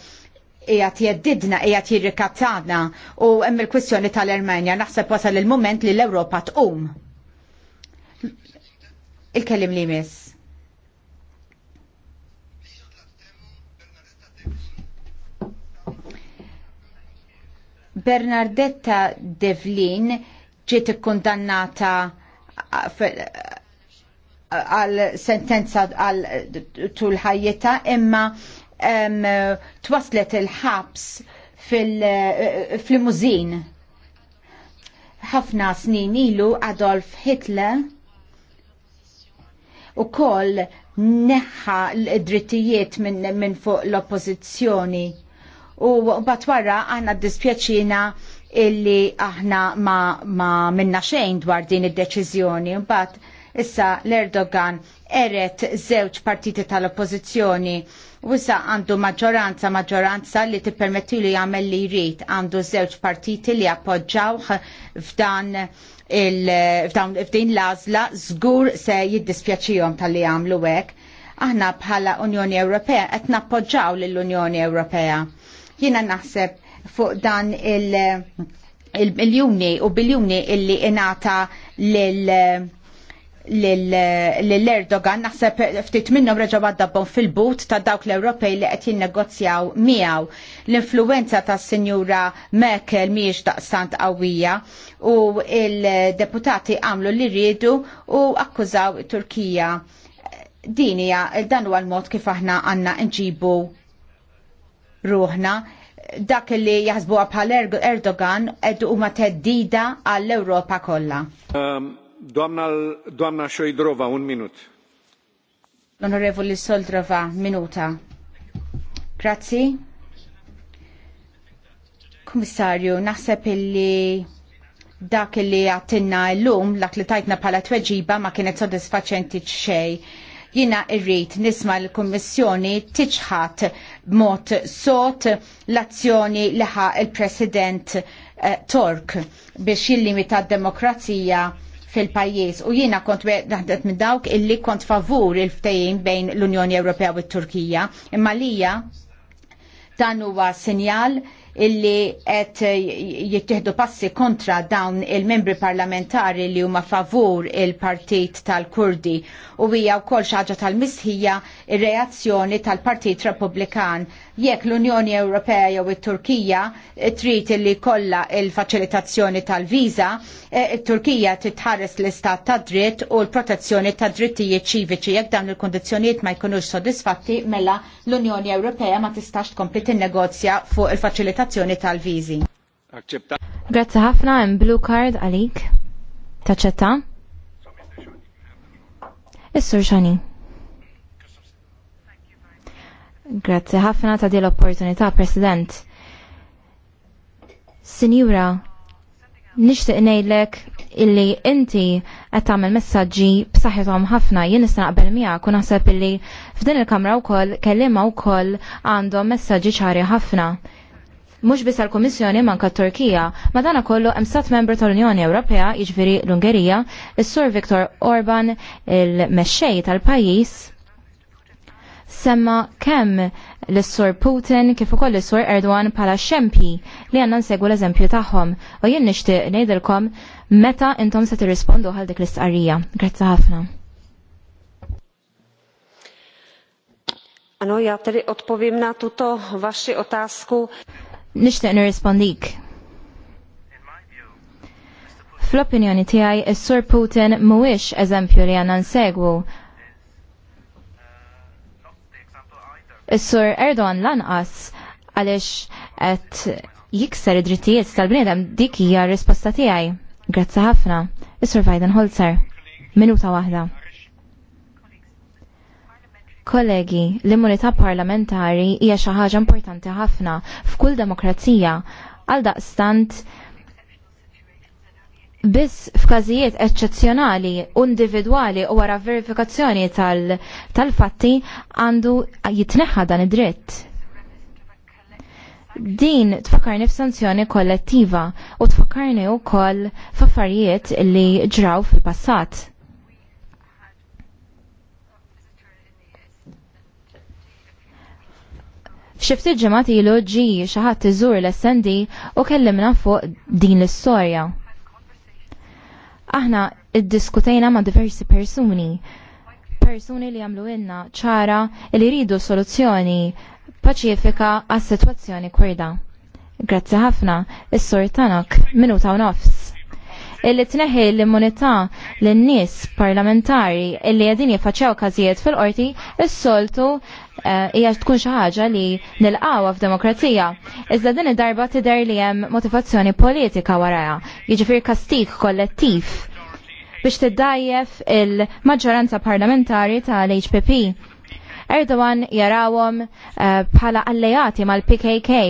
qiegħed jeddidna, qiegħed jirrikattana u hemm il-kwistjoni tal-Ermenja naħseb wasal il-mument li l-Ewropa tqum. Il-kellim li miss. Bernardetta Devlin ġiet ikkundannata għal sentenza għal tul ħajjita imma Eh, twaslet il-ħabs fil Uh, ħafna snin ilu Adolf Hitler u koll neħħa l-drittijiet minn min fuq l-oppozizjoni. U wara għanna dispjaċina illi aħna ma, ma minna xejn dwar din id-deċizjoni. Mbagħad issa l-Erdogan eret żewġ partiti tal-oppozizjoni u għandu maġġoranza maġġoranza li tippermetti li jagħmel li jrid għandu żewġ partiti li appoġġawh f'dan f'din l-għażla żgur se jiddispjaċihom tal-li jagħmlu hekk. Aħna bħala Unjoni Ewropea qed nappoġġaw lill-Unjoni Ewropea. Jiena naħseb fuq dan il- biljuni u biljuni illi inata lil l-Erdogan naħseb ftit minnhom reġa' għaddabbon fil-but ta' dawk l-Ewropej li qed jinnegozjaw miegħu. L-influenza tas sinjura Merkel mhijiex daqsant qawwija u il-deputati għamlu li rridu u akkużaw Turkija. Din hija dan huwa l-mod kif aħna għandna nġibu ruħna dak li jaħsbuha bħal Erdogan edu huma teddida għall-Ewropa kollha. Um... Doamna Xojdrova, un minut. onorevoli Soldrova, minuta. Grazzi. Komissarju, naħseb illi dak illi għattinna l-lum, dak li tajtna pala tweġiba ma kienet soddisfaċenti xej. Jina irrit nisma l-Kommissjoni tiċħat mod sot l-azzjoni liħa il-President eh, Tork biex jillimita d-demokrazija fil-pajjiż u jiena kont daħdet minn dawk illi kont favur il-ftejjin bejn l-Unjoni Ewropea u t-Turkija imma lija dan huwa sinjal illi qed jittieħdu passi kontra dawn il-membri parlamentari li huma favur il-Partit tal-Kurdi u hija wkoll xi ħaġa tal-mistħija ir-reazzjoni tal-Partit Repubblikan jekk l-Unjoni Ewropea jew it-Turkija trid li kollha il-faċilitazzjoni tal-viża, eh, it-Turkija titħares l-istat ta' dritt u l-protezzjoni ta' drittijiet ċiviċi jekk dan il-kondizzjonijiet ma jkunux sodisfatti mela l-Unjoni Ewropea ma tistax tkompli tinnegozja fuq il-faċilitazzjoni tal-viżi. Grazzi ħafna hemm blue card għalik. Taċċetta? Is-sur Xani. Grazzi ħafna ta' di l-opportunità, President. Sinjura, nixtieq ngħidlek illi inti qed tagħmel messaġġi b'saħħithom ħafna jien nista' naqbel miegħek u naħseb illi f'din il-kamra wkoll kelliema wkoll għandhom messaġġi ċari ħafna. Mhux biss għall-Kummissjoni manka Turkija, ma dana kollu hemm stat membru tal-Unjoni Ewropea, jiġifieri l-Ungerija, is-Sur Viktor Orban, il-mexxej tal-pajjiż, semma kemm l-sur Putin kif ukoll l-sur Erdogan bħala xempi li għandna nsegwu l-eżempju tagħhom u jien nixtieq ngħidilkom meta intom se tirrispondu għal dik l-istqarrija. Grazzi ħafna. Ano, ja tedy odpovím na tuto vaši otázku. Nixtieq nirrispondik. Fl-opinjoni tiegħi is-Sur Putin mhuwiex eżempju li għandna nsegwu Is-sur Erdogan lanqas għaliex qed jikser id-drittijiet tal-bniedem dik hija risposta tiegħi. Grazzi ħafna. Is-sur Biden Holzer. Minuta waħda. Kollegi, l-immunità parlamentari hija xi ħaġa importanti ħafna f'kull demokrazija għal daqstant biss f'każijiet eċċezzjonali, individwali u wara verifikazzjoni tal-fatti tal għandu jitneħħa dan id-dritt. Din tfakarni f'sanzjoni kollettiva u tfakarni wkoll f'affarijiet li ġraw fil-passat. Xifti ġemati ilu ġi xaħat iżur l-SND u kellimna fuq din l-istorja. Aħna iddiskutejna ma' diversi persuni, persuni li għamlu inna ċara li rridu soluzzjoni paċifika għas situazzjoni kwerda. Grazzi ħafna, is-sur Tanok, minuta u nofs illi tneħi l-immunità l-nies parlamentari illi għedin jaffaċċaw każijiet fil-qorti s soltu eh, hija tkun xi ħaġa li nilqgħuha f'demokrazija. Iżda din id-darba tidher li hemm motivazzjoni politika warajha, jiġifier kastik kollettiv biex tiddajjef il-maġġoranza parlamentari tal-HPP. Erdogan jarawhom eh, bħala alleati mal-PKK.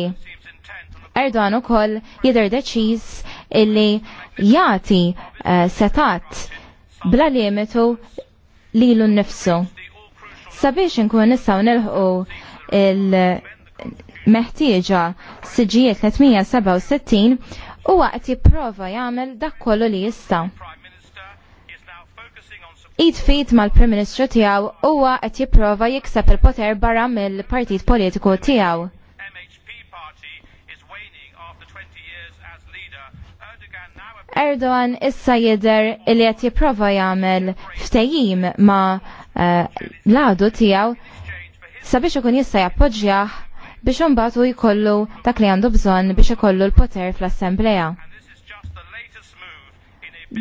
Erdogan ukoll jidher deċiż illi jati eh, setat bla limitu lilu nnifsu. Sabiex nkun nistgħu nilħu il-meħtieġa siġijiet 367 huwa qed jipprova jagħmel dak kollu li jista' id fit mal-Prim Ministru tiegħu huwa qed jipprova jikseb il-poter barra mill-partit politiku tiegħu. Erdogan issa jider li qed jipprova jagħmel ftehim ma eh, l-għadu tiegħu sabiex ikun jista' jappoġġjah biex imbagħad u jkollu dak li għandu bżonn biex ikollu l-poter fl-assembleja.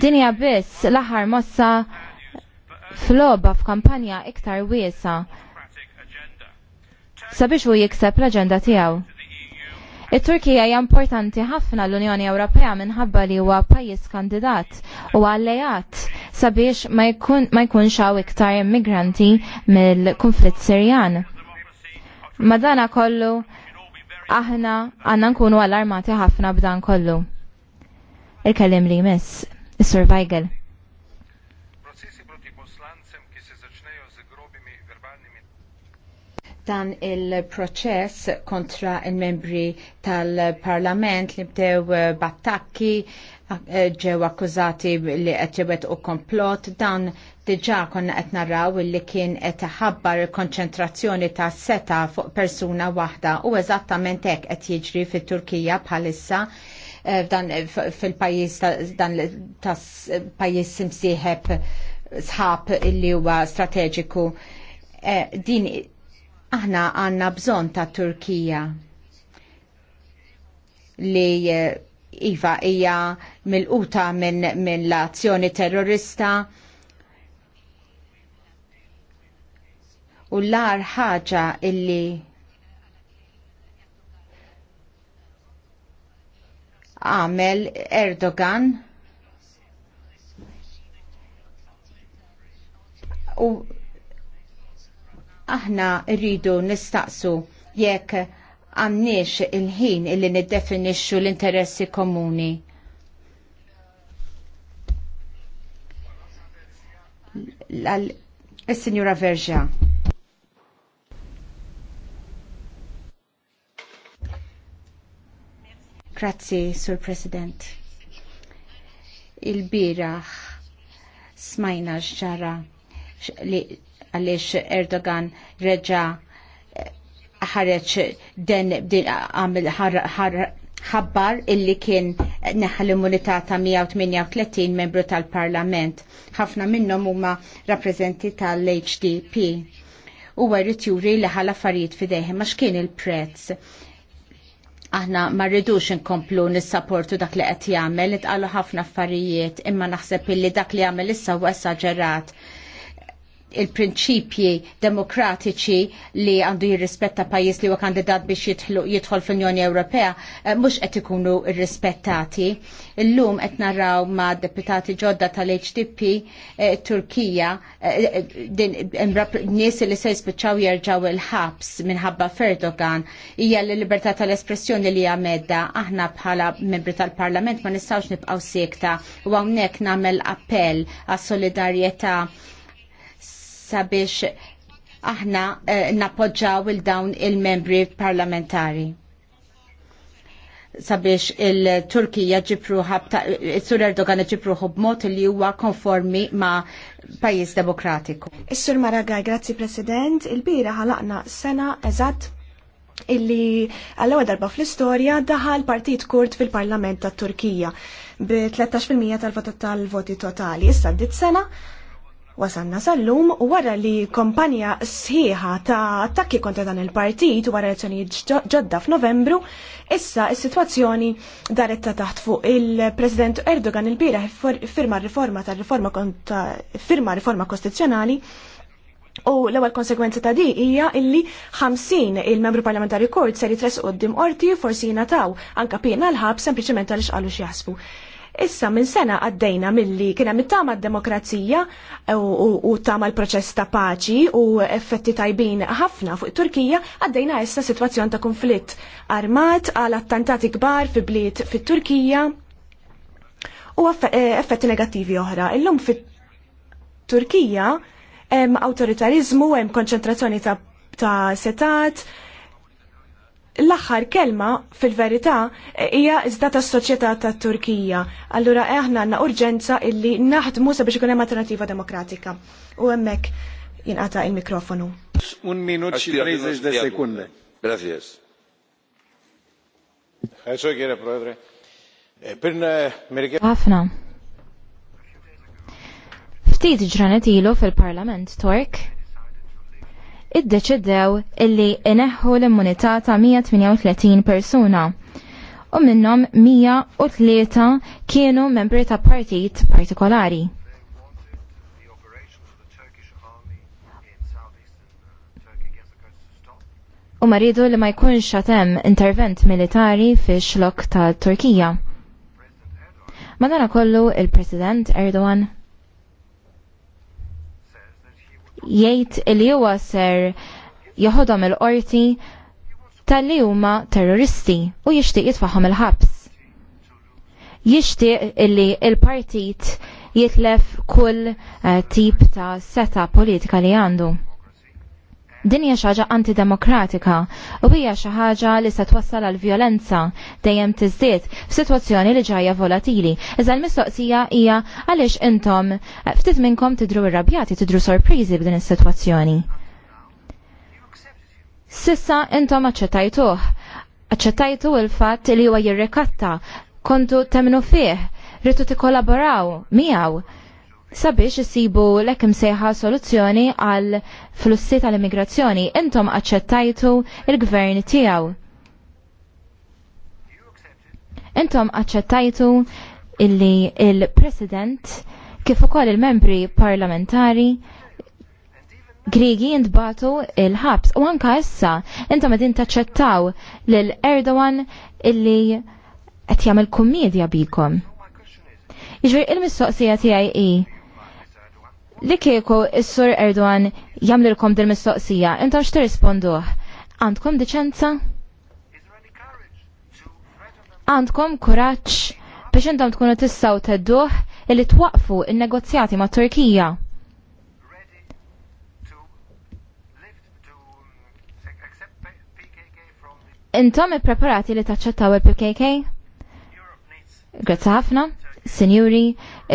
Dinja biss l-aħħar mossa floba f'kampanja iktar wiesa sabiex u jikseb l-aġenda tiegħu. It-Turkija hija importanti ħafna l-Unjoni Ewropea minħabba li huwa pajjiż kandidat u allejat sabiex ma jkunx hawn iktar immigranti mill-konflitt Sirjan. Madana kollu aħna għandna nkunu allarmati ħafna b'dan kollu. Il-kellim li miss. is-Sur Weigel. dan il-proċess kontra il-membri tal-parlament li bdew eh, battakki eh, ġew akkużati li qed u komplot dan diġà konna qed naraw li kien qed ħabbar konċentrazzjoni ta' seta fuq persuna waħda u eżattament hekk qed jiġri fit-Turkija bħalissa eh, fil-pajjiż tas pajjiż simsieħeb sħab illi huwa strateġiku. Din Aħna għanna bżon ta' Turkija li eh, iva hija mill-quta minn min l-azzjoni terrorista u l-ar ħaġa illi għamel Erdogan u aħna rridu nistaqsu jekk għamniex il-ħin illi niddefinixxu l-interessi komuni. is signora Verja. Grazzi, Sur President. Il-biraħ smajna ġara għaliex Erdogan reġa ħareċ den għamil ħabbar illi kien neħa l-immunità ta' 138 membru tal-parlament. ħafna minnhom huma rappreżenti tal-HDP. U għarrit juri li ħala affarijiet fidejħi għax kien il-prezz. Aħna ma rridux inkomplu nis-sapportu dak li qed jagħmel, itqalu ħafna affarijiet, imma naħseb illi dak li jagħmel issa huwa esaġerat il-prinċipji demokratiċi li għandu jirrispetta pajis li huwa kandidat biex jidħol fl-Unjoni Ewropea eh, mhux qed ikunu rrispettati. Illum qed narraw ma' deputati ġodda tal-HDP eh, Turkija eh, nies li se jispiċċaw jerġgħu il-ħabs minħabba Ferdogan hija l-libertà tal-espressjoni li hija medda aħna bħala membri tal-Parlament ma nistgħux nibqgħu siekta u hawnhekk nagħmel appell għas solidarjetà sabiex aħna eh, nappoġġaw il-dawn il-membri parlamentari sabiex il-Turkija ġipruħa, il-Sur Erdogan ġipruħu b'mod li huwa konformi ma' pajis demokratiku. Is-Sur Maragaj, grazzi President, il-bira ħalaqna sena eżatt illi għallewa darba fl-istorja daħal partit kurt fil-Parlament tat-Turkija bi 13% tal-voti totali. Issa dit sena Wasanna sal-lum wara li kompanja sħiħa ta' attakki kontra dan il-partit wara elezzjoni ġodda f'Novembru, issa is-sitwazzjoni daret ta' taħt fuq il-President Erdogan il-bira firma riforma ta' riforma konta firma riforma kostituzzjonali U l-ewwel konsekwenza ta' di hija illi 50 il-membru parlamentari kord ser jitres qudiem qorti forsi jingħataw anke pina l-ħab sempliċement għaliex qalu x'jaħsbu. Issa minn sena għaddejna milli li kiena it-tama d-demokrazija u tama l-proċess ta' paċi u effetti tajbin ħafna fuq Turkija għaddejna issa situazzjon ta' konflitt armat għal attentati kbar fi bliet fit-Turkija u eh, effetti negattivi oħra. Illum fit-Turkija hemm awtoritarizmu, hemm konċentrazzjoni ta' setat, l axar kelma fil-verità hija iżda ta' soċjetà ta' turkija Allura eħna eh, għandna urġenza illi naħdmu sabiex ikun hemm alternattiva demokratika. U hemmhekk jinqata' il-mikrofonu. Un minut xi 30 sekunde. Grazie. Eh, eh, Għafna. Ftit ġranet ilu fil-Parlament Tork iddeċidew illi ineħħu l-immunità ta' 138 persuna u minnom 103 kienu membri ta' partit partikolari. U marridu li ma jkunx għatem intervent militari fi xlok ta' Turkija. Madana kollu il-President Erdogan jgħid il huwa ser joħodhom il-qorti tal-li huma terroristi u jixtieq jitfaħħom il-ħabs. Jixtieq li il-partit jitlef kull eh, tip ta' seta politika li għandu. Din hija xi ħaġa antidemokratika u hija xi ħaġa li se twassal għal violenza dejjem tiżdied f'sitwazzjoni li ġajja volatili. Iżda l-mistoqsija hija għaliex intom ftit minnkom tidru irrabjati, tidru sorpriżi b'din is-sitwazzjoni. Sissa intom aċċettajtuh. Aċċettajtu l fatt li huwa jirrikatta kontu temnu fih, rritu tikkolaboraw miegħu sabiex isibu l-ekim sejħa soluzzjoni għal flussi tal-immigrazzjoni. Intom aċċettajtu il-gvern tijaw. Intom aċċettajtu illi il-president kif ukoll il-membri parlamentari Grigi jintbatu il-ħabs u anka issa intom qegħdin taċċettaw lil Erdogan illi qed jagħmel kummedja bikom. Iġveri il-mistoqsija tiegħi hi li kieku s-sur Erdogan jamlilkom dil mistoqsija intom xti risponduħ? Għandkom diċenza? Għandkom kuraċ biex intom tkunu tissaw tedduħ illi twaqfu il-negozjati ma' Turkija? Intom i-preparati li taċċettaw il-PKK? Grazie ħafna. Sinjuri,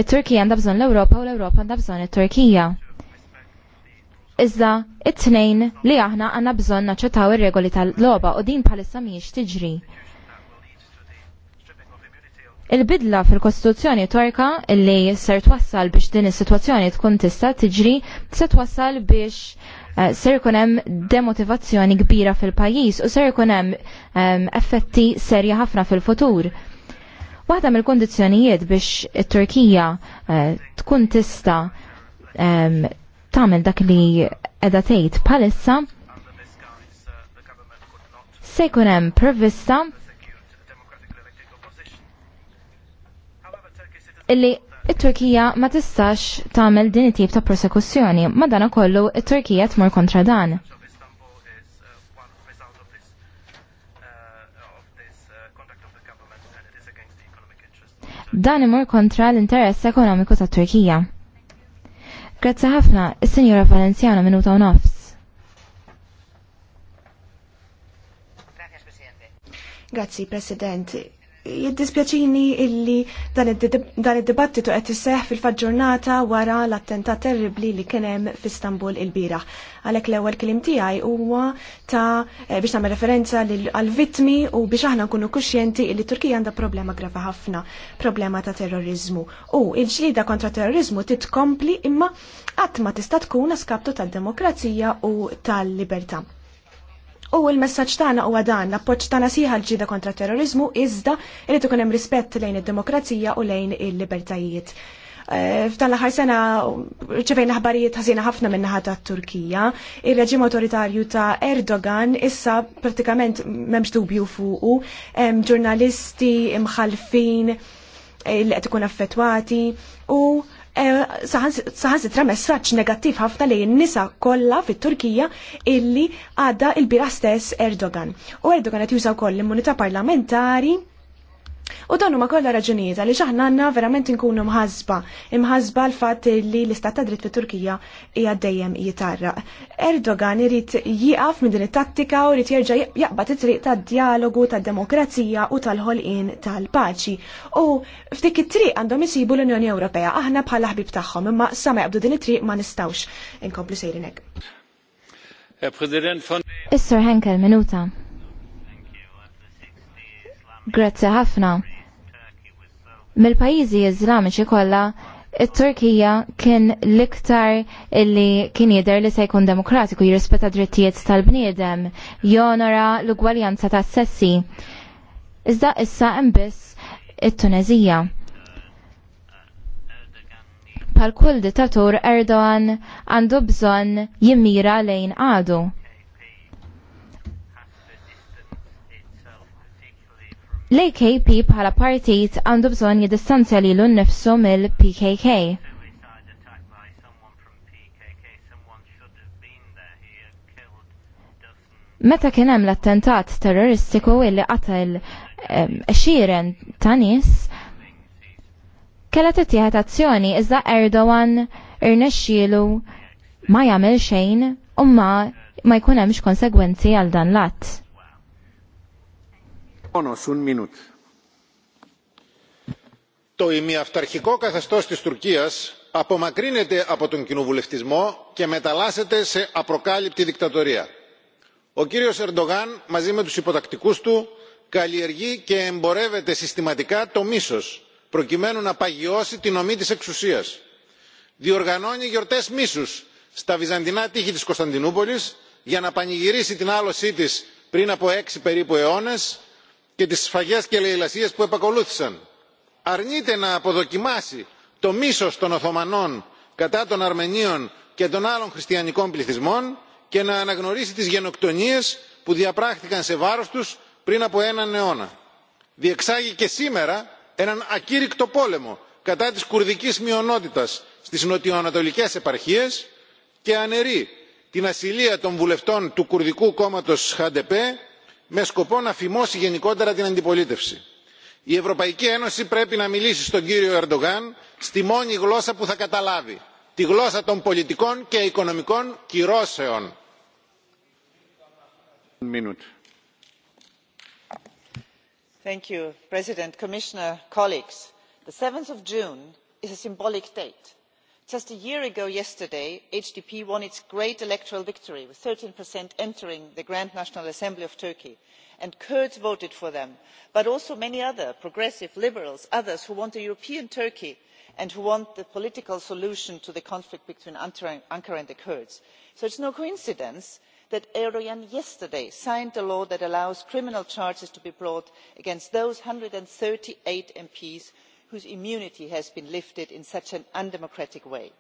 it-Turkija għandha bżonn l-Ewropa u l-Ewropa għandha bżonn it-Turkija. Iżda, it-tnejn li aħna għandna bżonn naċċettaw ir-regoli tal-logħba u din bħalissa mhijiex tiġri. Il-bidla fil-Kostituzzjoni Torka li ser twassal biex din is-sitwazzjoni tkun tista' tiġri se twassal biex eh, ser ikun hemm demotivazzjoni kbira fil-pajjiż u ser ikun hemm ehm, effetti serji ħafna fil-futur. Waħda mill kondizjonijiet biex it-Turkija eh, tkun tista ehm, tagħmel dak li qiegħda tgħid bħalissa se jkun hemm provvista illi it-Turkija ma tistax tagħmel din it-tip ta' prosekuzzjoni, ma dan kollu it-Turkija tmur kontra dan. Dan imur kontra l-interess ekonomiku ta' Turkija. Grazzi ħafna, is-Sinjora Valenziano minuta u nofs. Grazie Presidente jiddispjaċini illi dan id-dibattitu qed isseħ fil-faġġurnata wara l-attentat terribli li kien hemm f'Istanbul il-bieraħ. Għalhekk l-ewwel kliem tiegħi huwa ta' eh, biex nagħmel referenza għall-vittmi u biex aħna nkunu kuxjenti illi Turkija għandha problema grava ħafna, problema ta' terrorizmu. U l-ġlida kontra terrorizmu titkompli imma qatt ma tista' tkun skaptu tad-demokrazija u tal-libertà. U l-messaġġ tagħna huwa dan, l-appoġġ tagħna sieħa l-ġida kontra terrorizmu iżda irid ikun hemm rispett lejn id-demokrazija u lejn il-libertajiet. Eh, f'dan l-aħħar sena rċevejna ħbarijiet ħażina ħafna minn naħa tat-Turkija. Ir-reġim autoritarju ta' Erdogan issa prattikament m'hemmx dubju fuqu, ġurnalisti imħalfin eh, li qed ikun affettwati u Eh, saħansitra messaġġ negattiv ħafna li n-nisa kollha fit-Turkija illi għadda il-bira stess Erdogan. U Erdogan qed jużaw wkoll l-immunità parlamentari U dan huma kollha raġunijiet għaliex aħna għandna verament inkunu mħasba, imħasba l-fatt li l-istat ta' dritt fi turkija hija dejjem jitarra. Erdogan irid jieqaf minn din it-tattika u rrit jerġa' jaqbad it-triq tad-dialogu tad-demokrazija u tal-ħolqien tal-paċi. U ftik it-triq għandhom isibu l-Unjoni Ewropea aħna bħal ħbib tagħhom, imma sa'ma' ma jaqbdu din it-triq ma nistawx inkomplu sejrinek. is Henkel, minuta. Grazzi ħafna. Mill-pajjiżi Iżlamiċi kollha it-Turkija kien l-iktar illi kien jidher li se jkun demokratiku jirrispetta drittijiet tal-bniedem, jonora l-ugwaljanza ta' sessi Iżda issa hemm biss it-Tunezija. Pal kull dittatur Erdogan għandu bżonn jimmira lejn għadu l-AKP bħala partit għandu bżon jidistanzja li l-nifsu mill-PKK. Meta kien hemm l-attentat terroristiku illi qatel xiren ta' nies, kellha tittieħed azzjoni iżda Erdogan irnexxielu ma jagħmel xejn u ma jkun hemmx konsegwenzi għal dan l-att. Το ημιαυταρχικό καθεστώς της Τουρκίας απομακρύνεται από τον κοινοβουλευτισμό και μεταλλάσσεται σε απροκάλυπτη δικτατορία. Ο κύριος Ερντογάν μαζί με τους υποτακτικούς του καλλιεργεί και εμπορεύεται συστηματικά το μίσος προκειμένου να παγιώσει την ομή της εξουσίας. Διοργανώνει γιορτές μίσους στα βυζαντινά τείχη της Κωνσταντινούπολης για να πανηγυρίσει την άλωσή της πριν από έξι περίπου αιώνες και τις σφαγές και λαϊλασίες που επακολούθησαν. Αρνείται να αποδοκιμάσει το μίσος των Οθωμανών κατά των Αρμενίων και των άλλων χριστιανικών πληθυσμών και να αναγνωρίσει τις γενοκτονίες που διαπράχθηκαν σε βάρος τους πριν από έναν αιώνα. Διεξάγει και σήμερα έναν ακήρυκτο πόλεμο κατά της κουρδικής μειονότητας στις νοτιοανατολικές επαρχίες και αναιρεί την ασυλία των βουλευτών του κουρδικού κόμματος ΧΑΝΤΕΠΕ με σκοπό να φημώσει γενικότερα την αντιπολίτευση. Η Ευρωπαϊκή Ένωση πρέπει να μιλήσει στον κύριο Ερντογάν στη μόνη γλώσσα που θα καταλάβει, τη γλώσσα των πολιτικών και οικονομικών κυρώσεων. President, Commissioner, colleagues, the 7th of June is a symbolic date just a year ago yesterday hdp won its great electoral victory with thirteen entering the grand national assembly of turkey and kurds voted for them but also many other progressive liberals others who want a european turkey and who want the political solution to the conflict between ankara and the kurds. so it is no coincidence that erdoan yesterday signed a law that allows criminal charges to be brought against those one hundred and thirty eight mps whose immunity has been lifted in such an undemocratic way.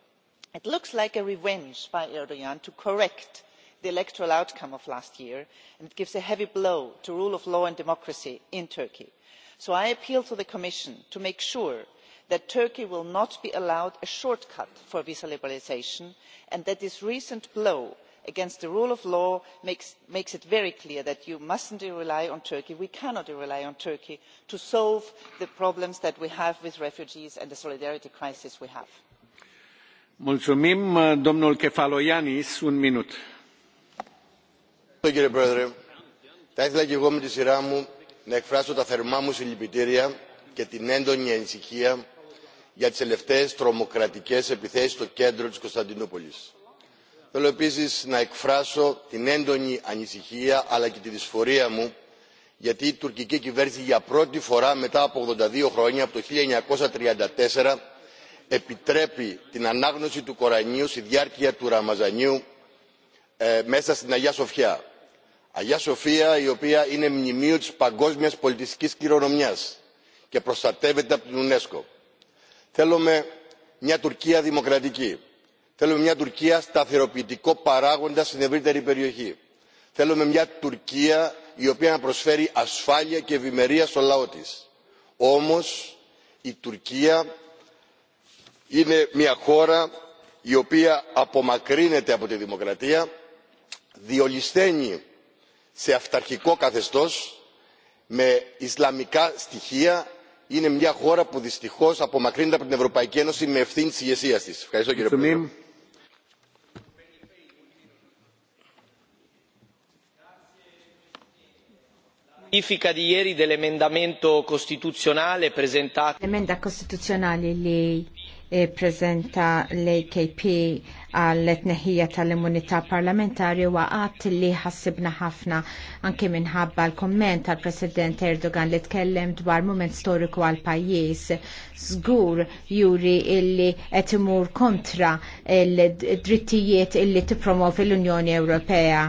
it looks like a revenge by erdoan to correct the electoral outcome of last year and it gives a heavy blow to the rule of law and democracy in turkey. so i appeal to the commission to make sure that turkey will not be allowed a shortcut for visa liberalisation and that this recent blow against the rule of law makes, it very clear that you must not rely on turkey we cannot rely on turkey to solve the problems that we have with refugees and the solidarity crisis we have. Κύριε Πρόεδρε, θα ήθελα και εγώ με τη σειρά μου να εκφράσω τα θερμά μου συλληπιτήρια και την έντονη ανησυχία για τις τελευταίες τρομοκρατικές επιθέσεις στο κέντρο της Κωνσταντινούπολης Θέλω επίση να εκφράσω την έντονη ανησυχία αλλά και τη δυσφορία μου γιατί η τουρκική κυβέρνηση για πρώτη φορά μετά από 82 χρόνια από το 1934 επιτρέπει την ανάγνωση του Κορανίου στη διάρκεια του Ραμαζανίου ε, μέσα στην Αγία Σοφιά. Αγία Σοφία η οποία είναι μνημείο της παγκόσμιας πολιτιστικής κληρονομιάς και προστατεύεται από την UNESCO. Θέλουμε μια Τουρκία δημοκρατική Θέλουμε μια Τουρκία σταθεροποιητικό παράγοντα στην ευρύτερη περιοχή. Θέλουμε μια Τουρκία η οποία να προσφέρει ασφάλεια και ευημερία στο λαό τη. Όμω η Τουρκία είναι μια χώρα η οποία απομακρύνεται από τη δημοκρατία, διολυσταίνει σε αυταρχικό καθεστώς με ισλαμικά στοιχεία είναι μια χώρα που δυστυχώς απομακρύνεται από την Ευρωπαϊκή Ένωση με ευθύνη της ηγεσίας της. Ευχαριστώ κύριε Πρόεδρε. Notifika di ieri dell'emendamento costituzionale presentato. L'emenda costituzjonali li eh, prezenta l-AKP għall etneħija tal-immunità parlamentari huwa qatt li ħassibna ħafna anke minħabba l-komment tal-President Erdogan li tkellem dwar mument storiku għal pajjiż Zgur juri illi qed imur kontra il-drittijiet illi tippromovi l-Unjoni Ewropea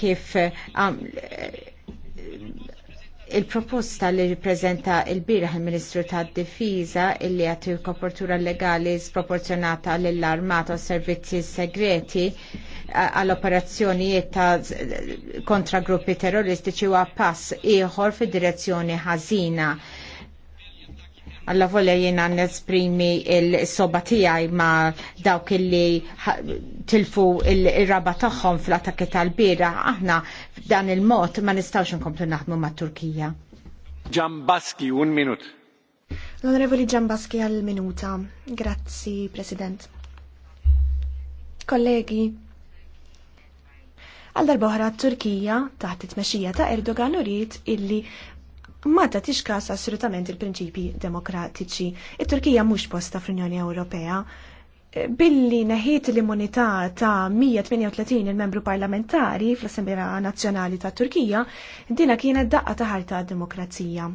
kif um, il-proposta li riprezenta il bieraħ il-Ministru ta' Difiża illi għati kopertura legali sproporzjonata l-armata u servizzi segreti għall-operazzjonijiet ta' kontra gruppi terroristiċi u għapass ieħor fid direzzjoni ħażina Alla volja jena nesprimi il-soba tijaj ma dawk illi tilfu il-raba taħħom fl-attakki tal-bira, aħna dan il-mot ma nistawx nkomplu naħdmu ma' Turkija. Ġambaski, un minut. L-Onorevoli Ġambaski għal-minuta. Grazzi, President. Kollegi, Għal darboħra Turkija taħt it-tmexxija ta' Erdogan uriet illi ma ta' tixkas assolutament il-prinċipi demokratiċi. It-Turkija mhux posta fl-Unjoni Ewropea. Billi neħiet l-immunità ta' 138 il-membru parlamentari fl-Assemblea Nazzjonali ta' Turkija, dina kienet daqqa ta' ħarta demokrazija.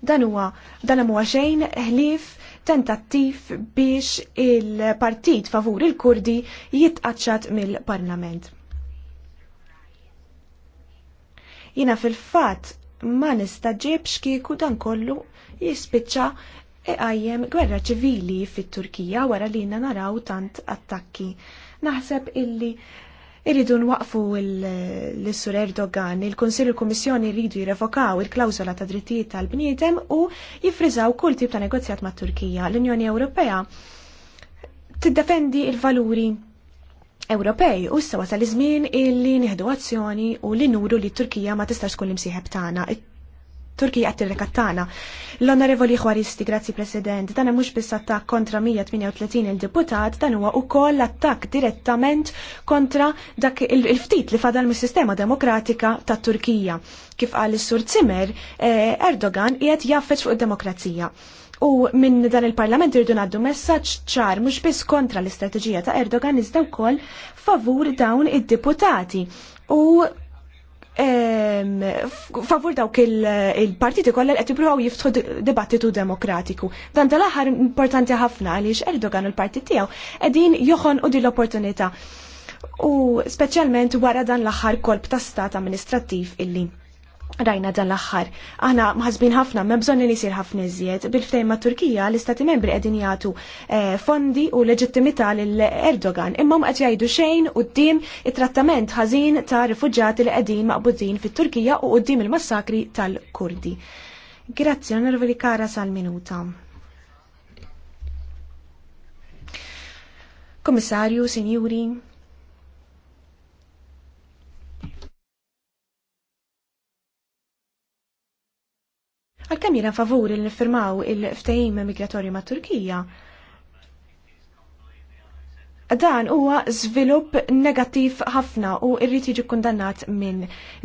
Dan huwa dan huwa xejn ħlief tentattiv biex il-partit favur il-Kurdi jitqaċċat mill-Parlament. Jina fil-fatt ma nistaġibx kieku dan kollu jispiċċa għajjem gwerra ċivili fit-Turkija wara li naraw tant attakki. Naħseb illi Irridu nwaqfu l-Sur Erdogan, il konsilju il-Kommissjoni rridu jirrevokaw il-klawzola ta' drittijiet tal-bniedem u jifriżaw kull tip ta' negozjat ma' Turkija. L-Unjoni Ewropea tiddefendi il-valuri Ewropej u s-sawa tal-izmin illi nieħdu azzjoni u li nuru li Turkija ma tistax kull imsieħeb tagħna. Turkija għattir rekattana. L-Onorevoli Juaristi, grazzi President, dan mhux biss attakk kontra 138 il-deputat, dan huwa ukoll attakk direttament kontra dak il-ftit li fadal mis sistema demokratika ta' Turkija. Kif qal is-Sur Zimmer, eh, Erdogan qiegħed jaffeċ fuq id-demokrazija. U minn dan il-parlament irridu għaddu messaġġ ċar mhux biss kontra l-istrateġija ta' Erdogan iżda wkoll favur dawn id-deputati. U favur dawk il-partiti kollha qed jippruvaw jiftħu dibattitu demokratiku. Dan tal-aħħar importanti ħafna għaliex Erdogan u l-partit tiegħu qegħdin joħonqu din l-opportunità. U speċjalment wara dan l-aħħar kolb ta' stat amministrattiv illi rajna dan l-axħar. Aħna maħazbin ħafna, ma bżonni li sir ħafna iżjed. Bil-ftejn ma' Turkija, l-istati membri għedin jgħatu eh, fondi u leġittimita l Erdogan. Imma ma jgħidu xejn quddiem it-trattament ħażin ta' rifugġati li qegħdin maqbudin fit-Turkija u quddiem il-massakri tal-Kurdi. Grazzi, Onorvoli Kara sal-minuta. Komissarju, sinjuri, Għalkemm jiena favur li nifirmaw il-ftehim migratorju mat Turkija, dan huwa żvilupp negattiv ħafna u rrid jiġi kundannat minn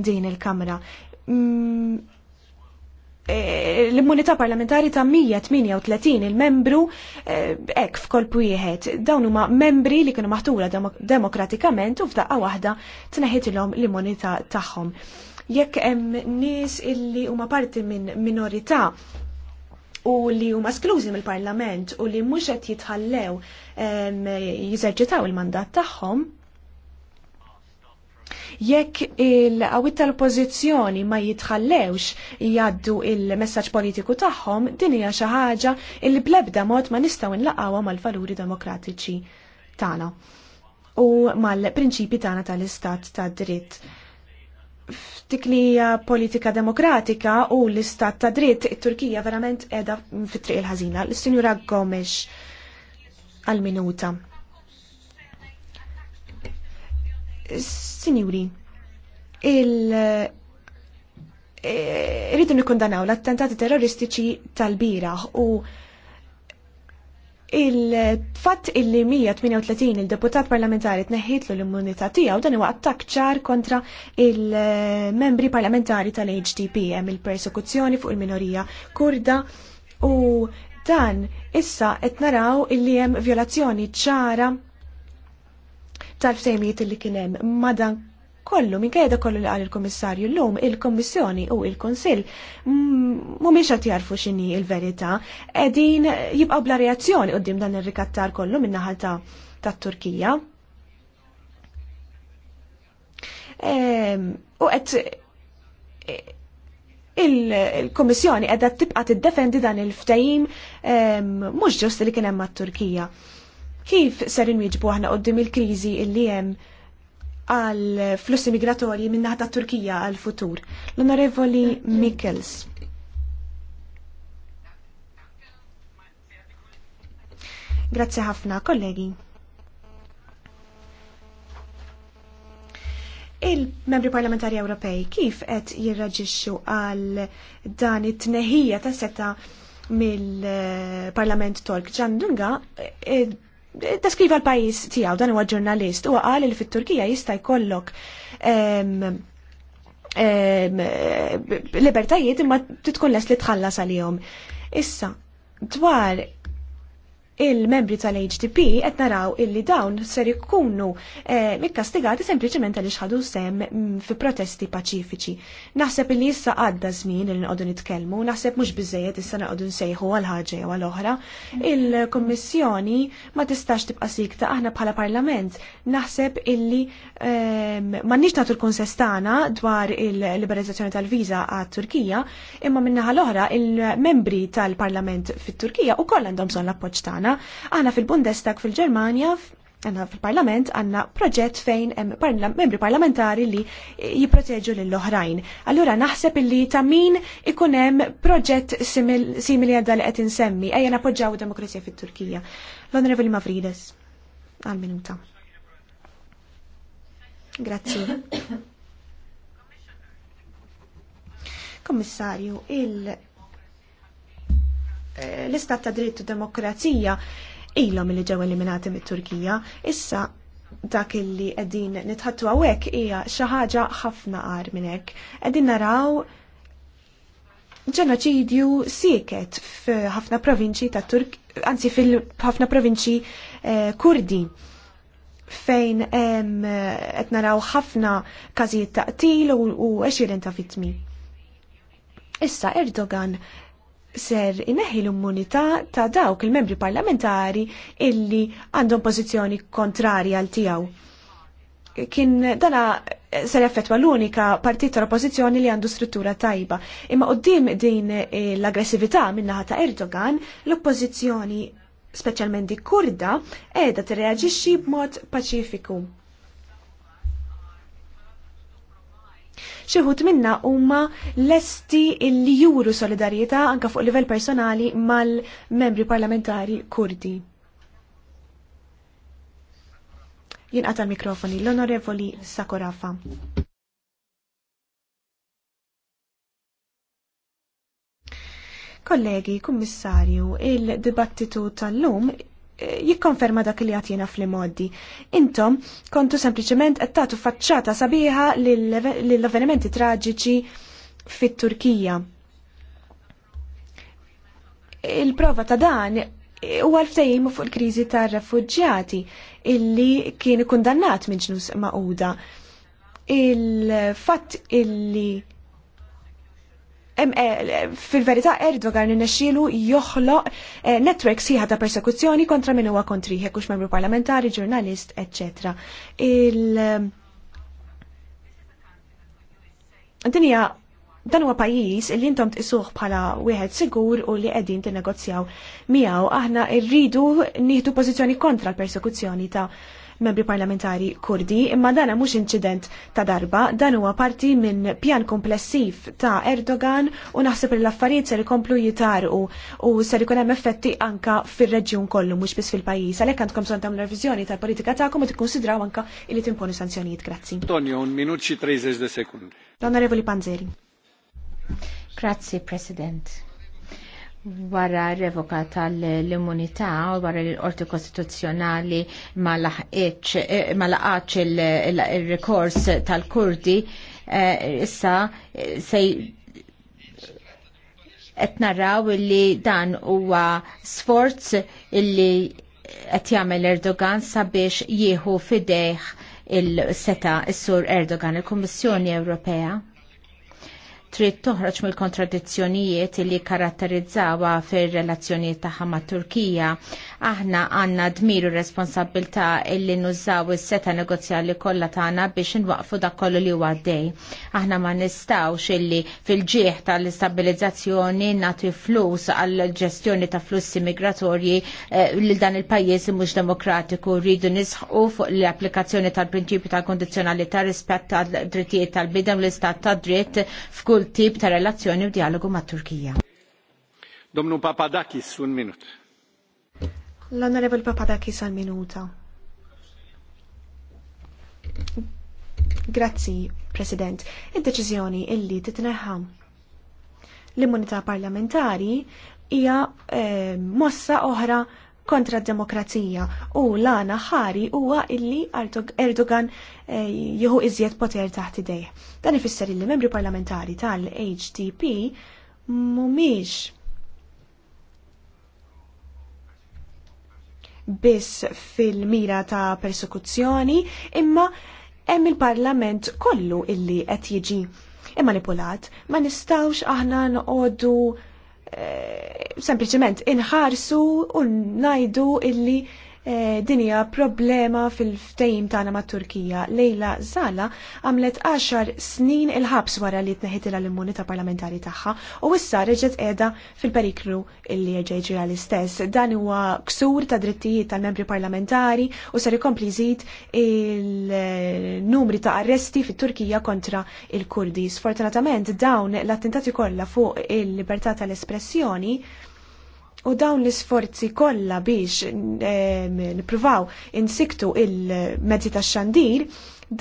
din il-Kamra. Mm, e, l-immunità parlamentari ta' 138 il-membru ek f'kolpu jieħed. Dawn huma membri li kienu maħtura demokratikament u f'daqqa waħda tneħħitilhom l-immunità tagħhom jekk hemm nies illi huma parti minn minorità u li huma sklużi mill-Parlament u li mhux qed jitħallew jiżerċitaw il-mandat tagħhom, jekk il-qawit tal-oppożizzjoni ma jitħallewx jgħaddu il-messaġġ politiku tagħhom, din hija xi ħaġa li blebda mod ma nistgħu nlaqgħuha mal-valuri demokratiċi tagħna u mal-prinċipi tagħna tal-istat tad dritt ftik li hija politika demokratika u l-istat ta' dritt it-Turkija verament qiegħda fit-triq il-ħażina. L-Sinjura Gomes għal-minuta. Sinjuri, il- irridu eh, nikkundanaw l-attentati terroristiċi tal-biraħ u il-fatt illi 138 il-deputat parlamentari tneħħitlu l-immunità tiegħu dan huwa attakk ċar kontra il-membri parlamentari tal-HDP hemm il-persekuzzjoni fuq il-minorija kurda u dan issa qed naraw illi hemm violazzjoni ċara tal-ftehmijiet illi kien hemm madan kollu, minn kajda kollu li għal il-Komissarju l-lum, il-Komissjoni u il-Konsil, mumiex għat jarfu xini il-verita, edin jibqaw bla reazzjoni għoddim dan il-rikattar kollu minna ħalta ta' Turkija. Ehm, u għet il-Komissjoni għedha tibqa tiddefendi dan il-ftajim ehm, mhux ġust li hemm mat Turkija. Kif ser inwieġbu aħna qoddim il-kriżi illi hemm għal flussi migratorji minnaħat ta' Turkija għal futur. L-Onorevoli Mikkels. Grazzi ħafna, kollegi. Il-membri parlamentari Ewropej kif qed jirraġixxu għal dan it-tneħija ta' seta' mill-Parlament Tork. ġandunga eh, deskriva l-pajis tijaw, dan huwa ġurnalist, u għal li fit-Turkija jista' jkollok libertajiet imma titkun les li tħallas għalihom. Issa, dwar il-membri tal-HDP qed naraw illi dawn ser ikunu eh, mikkastigati sempliċement għaliex ħadu sem mm, fi protesti paċifiċi. Naħseb illi issa għadda żmien li nqogħdu nitkellmu, naħseb mhux biżejjed issa nqogħdu nsejħu għal ħaġa jew għal oħra. Il-Kummissjoni ma tistax tibqa' sikta aħna bħala Parlament. Naħseb illi ma ehm, nix nagħtu l-kunsess tagħna dwar il-liberalizzazzjoni tal-viża għat-Turkija, imma minnaħa l-oħra il-membri tal-Parlament fit-Turkija ukoll għandhom bżonn l-appoġġ tagħna tagħna. Aħna fil-Bundestag fil-Ġermanja għanna fil-parlament għanna proġett fejn membri parlamentari li jiproteġu l-oħrajn. Allura naħseb li ta' min ikunem proġett simili għadda li għet insemmi, ejja napoġġaw demokrazija fit-Turkija. L-Onorevoli Mavrides, għal-minuta. Grazie. Kommissarju, il- Eh, l-istat ta' dritt u demokrazija ilhom li ġew eliminati mit-Turkija, issa dak illi qegħdin nitħattu hawnhekk hija xi ħaġa ħafna qar minn hekk. Qegħdin naraw ġenoċidju sieket f'ħafna provinċi ta' Turk, anzi fil-ħafna provinċi eh, kurdi fejn qed naraw ħafna każijiet ta' qtil u għexieren ta' vittmi. Issa Erdogan ser ineħi l-immunità ta' dawk il-membri parlamentari illi għandhom pożizzjoni kontrarja għal tiegħu. Kien dana ser effettwa l-unika partit tal-oppożizzjoni li għandu struttura tajba. Imma qoddim din eh, l-aggressività minnaħa ta' Erdogan, l-oppożizzjoni speċjalment di kurda, edha tirreaġixxi b'mod paċifiku. Xieħut minna huma lesti li juru solidarjetà anka fuq livell personali mal-membri parlamentari kurdi. Jinqata l-mikrofoni l-Onorevoli Sakorafa. Kollegi, kummissarju, il-dibattitu tal-lum jikkonferma dak li jena fl-modi. Intom, kontu sempliciment għattatu faċċata sabiħa l-avvenimenti traġiċi fit-Turkija. Il-prova ta' dan huwa l fuq il-kriżi tar-refuġġjati illi kien kundannat minn ġnus uda. il fat illi Eh, fil-verità Erdogan n-nexilu joħloq eh, netwerk siħa ta' persekuzzjoni kontra minn huwa kontri hekk membru parlamentari, ġurnalist, etc. Il eh, Dinja dan huwa pajjiż li intom isuħ bħala wieħed sigur u li qegħdin tinnegozjaw miegħu aħna rridu nieħdu pożizzjoni kontra l-persekuzzjoni ta' membri parlamentari kurdi, imma dana mhux incident ta' darba, dan huwa parti minn pjan komplessiv ta' Erdogan u naħseb li l-affarijiet ser ikomplu jitarqu u ser ikun hemm effetti anka fir-reġjun kollu mhux biss fil-pajjiż. Għalhekk għandkom son tagħmlu revizjoni tal-politika tagħkom u tikkonsidraw anka li timponu sanzjonijiet. Grazzi. Antonio, un minut xi 30 sekundi. onorevoli Panzeri. Grazzi, President wara revoka tal-immunità u wara l-Qorti Kostituzzjonali ma eh, laqax il-rekors tal-Kurdi eh, issa eh, sej qed narraw li dan huwa sforz illi qed jagħmel Erdogan sabiex jieħu fidejh il-seta s sur Erdogan il-Kummissjoni Ewropea trid toħroġ mill-kontradizzjonijiet li karatterizzawa fir-relazzjonijiet tagħha mat Turkija. Aħna għandna dmiru responsabilità illi nużaw is-seta negozjali kollha tagħna biex inwaqfu dak kollu li huwa għaddej. Aħna ma nistgħux illi fil-ġieħ tal-istabilizzazzjoni nagħti flus għall ġestjoni ta' flussi migratorji eh, lil dan il-pajjiż mhux demokratiku rridu nisħu fuq l-applikazzjoni tal-prinċipju tal-kondizzjonalità rispett tad drittijiet tal-bidem l-istat tad dritt f'kull kull tip ta' relazzjoni u dialogu ma' Turkija. Domnu Papadakis, un minut. L-Onorevol Papadakis un minuta. Grazzi, President. Il-deċizjoni illi titneħħam l-immunità parlamentari hija eh, mossa oħra kontra d-demokrazija u l-għana ħari huwa illi Erdogan eh, jieħu iżjed poter taħt idejh. Dan ifisser illi membri parlamentari tal-HDP mumiex biss fil-mira ta' persekuzzjoni imma hemm il-parlament kollu illi qed jiġi manipulat ma nistawx aħna noqogħdu Eh, sempliciment inħarsu u najdu illi Eh, dinja problema fil-ftejim tagħna mat Turkija. Lejla Zala għamlet 10 snin il-ħabs wara li tneħitilha l-immunità parlamentari tagħha u issa reġgħet qiegħda fil-periklu li jerġa' jiġri l-istess. Dan huwa ksur ta' drittijiet tal-membri parlamentari u ser ikompli jżid il-numri ta' arresti fit-Turkija kontra il-Kurdi. Sfortunatament dawn l-attentati kollha fuq il-libertà tal-espressjoni U dawn l-isforzi kollha biex nippruvaw insiktu il-mezzi tax xandir,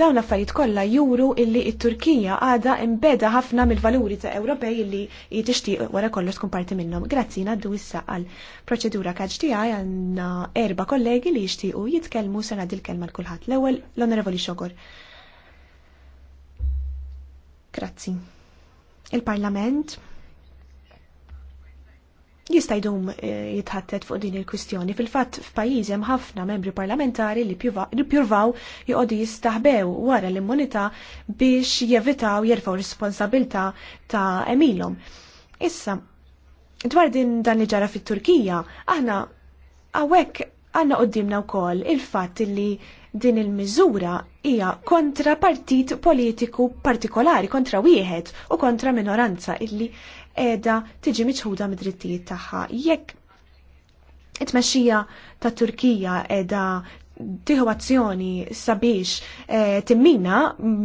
dawn l-affarijiet kollha juru illi t-Turkija għada imbeda ħafna mill-valuri ta' Ewropej illi tixtieq wara kollox tkun parti minnhom. Grazzi ngħaddu issa għal proċedura kaġ tiegħi għandna erba' kollegi li jixtiequ jitkellmu se ngħaddi l-kelma l kulħadd. L-ewwel l-Onorevoli Xogor. Grazzi. Il-Parlament jista' jdum eh, jitħattet fuq din il-kwistjoni. Fil-fatt f'pajjiż hemm ħafna membri parlamentari li pjurvaw joqogħdu jistaħbew wara l-immunità biex jevitaw jerfgħu responsabilità ta' emilhom. Issa, dwar din dan li ġara fit-Turkija, aħna hawnhekk għandna qudiemna wkoll il-fatt li din il-miżura hija kontra partit politiku partikolari, kontra wieħed u kontra minoranza illi edha tiġi miċħuda mid-drittijiet tagħha. Jekk it-tmexxija ta' Turkija edha tiħu azzjoni sabiex eh, timmina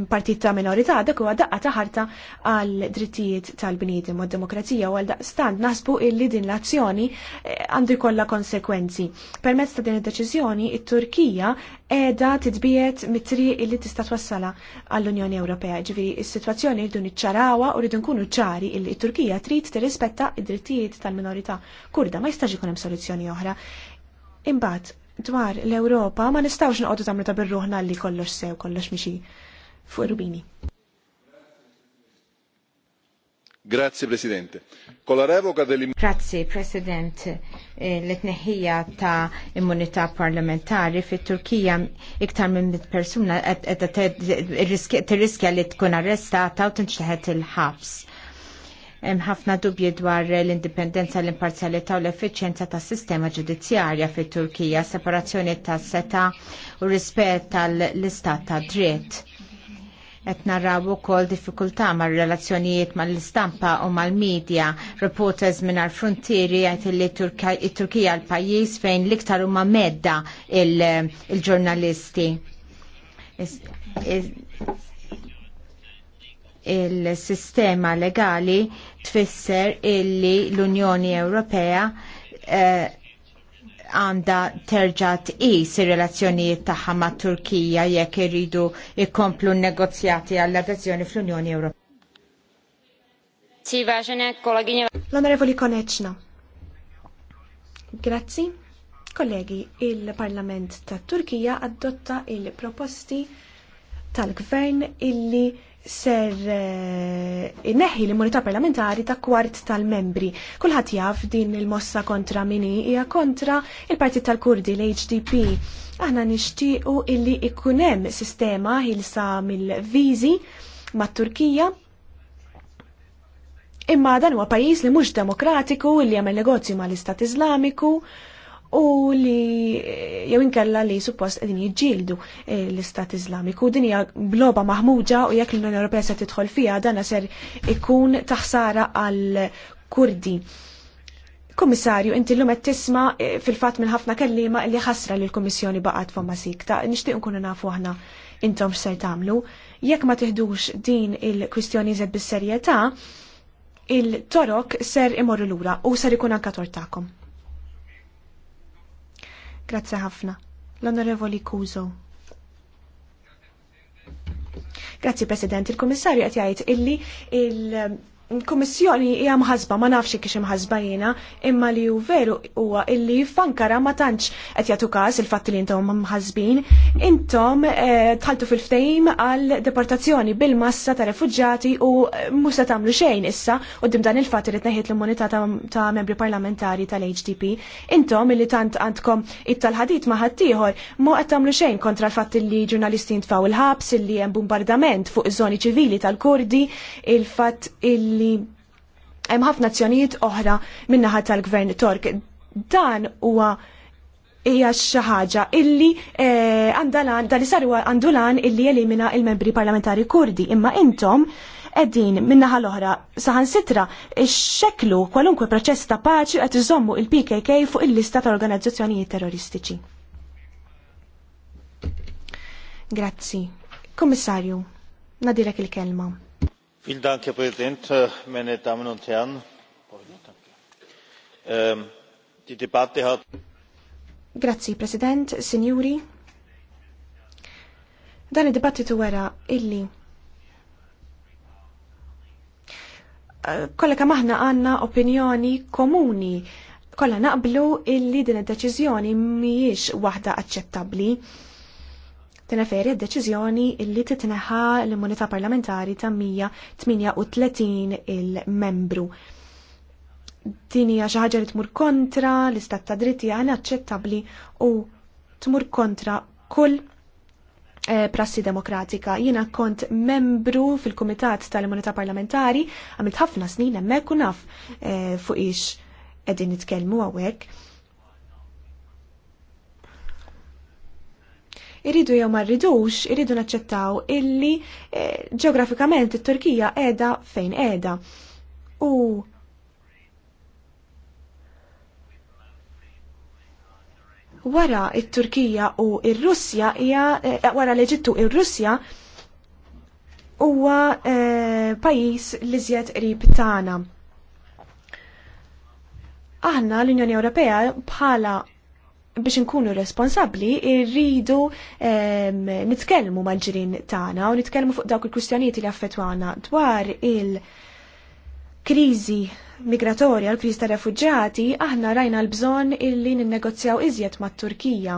partit ta' minorità dak huwa daqqa ta' ħarta għal drittijiet tal-bniedem u d-demokrazija u għal stand nasbu illi din l-azzjoni eh, għandu jkollha konsekwenzi. Permezz ta' din id-deċiżjoni it-Turkija qiegħda titbiet mit-triq illi tista' twassala għall-Unjoni Ewropea. Ġifieri is-sitwazzjoni rridu niċċarawha u rridu nkunu ċari illi t-Turkija trid tirrispetta id-drittijiet tal-minorità kurda ma jistax ikun hemm soluzzjoni oħra. Imbagħad dwar l-Ewropa ma nistawx nqogħdu tagħmlu ta' birruħna li kollox sew kollox mixi fuq rubini. Grazie Presidente. Con la revoca dell'im- Grazie President. Eh, l-etneħija ta' immunità parlamentari fit turkija iktar minn mit persuna tirriskja li tkun arrestata u tinċtaħet il-ħabs Hemm ħafna dubji dwar l-indipendenza, l-imparzjalità u l-effiċjenza tas sistema ġudizzjarja fit turkija separazzjoni tas seta u rispett tal-istat ta' dritt. Qed narraw ukoll diffikultà mar relazzjonijiet mal-istampa u mal-medja. Reporters mingħajr frontieri għajt li Turkija l-pajjiż fejn l-iktar huma medda il-ġurnalisti il-sistema legali tfisser illi l-Unjoni Ewropea eh, għanda eh, terġa tqis ir-relazzjonijiet tagħha mat Turkija jekk iridu jkomplu negozjati għall adezzjoni fl-Unjoni Ewropea. L-Onorevoli Koneċna. Grazzi. Kollegi, il-Parlament ta' Turkija adotta il-proposti tal-gvern illi ser eh, inneħi l-immunità parlamentari ta' kwart tal-membri. Kulħadd jaf din il-mossa kontra mini hija kontra il-Partit tal-Kurdi l-HDP. Aħna nixtiequ illi ikun hemm sistema ħilsa mill-viżi mat-Turkija imma dan huwa pajjiż li mhux demokratiku illi jagħmel negozju mal-Istat Iżlamiku u li eh, jew inkella li suppost qegħdin jiġġieldu eh, l-Istat Iżlamiku. Din hija bloba maħmuġa u jekk l-Unjoni Ewropea se tidħol fiha dan ser ikun taħsara għal Kurdi. Kummissarju, inti l qed tisma eh, fil-fatt minn ħafna kellima li ħasra li l-Kummissjoni baqgħet fuq masikta, nixtieq nkunu nafu aħna intom x'ser tagħmlu. Jekk ma tiħdux din il-kwistjoni żed bis-serjetà, il-torok ser imorru lura u ser ikun anka tortakom. Grazie ħafna. L-Onorevoli Kuzo. Grazie, President, il kommissarju qed jgħid illi il- Kummissjoni hija mħasba ma nafx kiex imħasba jiena, imma li hu veru huwa illi fankara ma tantx qed jagħtu każ il-fatt li intom mħasbin, intom eh, tħaltu fil-ftehim għal deportazzjoni bil-massa ta' refuġġati u eh, mhux se tagħmlu xejn issa qudiem dan il-fatt irid neħiet l-immunità ta' membri parlamentari tal-HDP. Intom illi tant għandkom it-talħadit ma' ħaddieħor mo qed tagħmlu xejn kontra l-fatt li ġurnalisti ntfaw il-ħabs illi hemm bombardament fuq iż-żoni ċivili tal-Kurdi, il-fatt il li hemm ħafna azzjonijiet oħra min-naħa tal-Gvern Tork. Dan huwa hija xi ħaġa illi eh, għandalan dan li saru għandulan illi elimina il-membri parlamentari kurdi. Imma intom qegħdin min-naħa l-oħra saħansitra xeklu kwalunkwe proċess ta' paċi qed iżommu il-PKK fuq il-lista ta' organizzazzjonijiet terroristiċi. Grazzi. Kommissarju, nadilek il-kelma herr präsident äh, meine damen und herren! Ähm, grazzi president sinjuri dan id-dibattitu wera illi äh, kollega maħna aħna għandna opinjoni komuni kollha naqblu illi din id-deċiżjoni mhijiex waħda aċċettabbli tineferi d-deċiżjoni illi titneħa l-immunità parlamentari ta' 138 il-membru. Din hija xi ħaġa li tmur kontra l-istat ta' dritti għana inaċċettabbli u tmur kontra kull eh, prassi demokratika. Jiena kont membru fil-Kumitat tal-Immunità Parlamentari, għamilt ħafna snin hemmhekk u naf eh, fuq ix qegħdin nitkellmu hawnhekk irridu jew ma rridux, irridu naċċettaw illi eh, ġeografikament it-Turkija qiegħda fejn qiegħda. U wara it-Turkija u ir-Russja hija eh, wara l-Eġittu u russja huwa eh, pajjiż li żjed qrib tagħna. Aħna l-Unjoni Ewropea bħala biex nkunu responsabli irridu ehm, nitkellmu mal-ġirin tagħna u nitkellmu fuq dawk il-kwistjonijiet li affettwana dwar il- kriżi migratorja, l-kriżi ta' refuġġjati, aħna rajna l-bżonn illi ninnegozjaw iżjed mat-Turkija.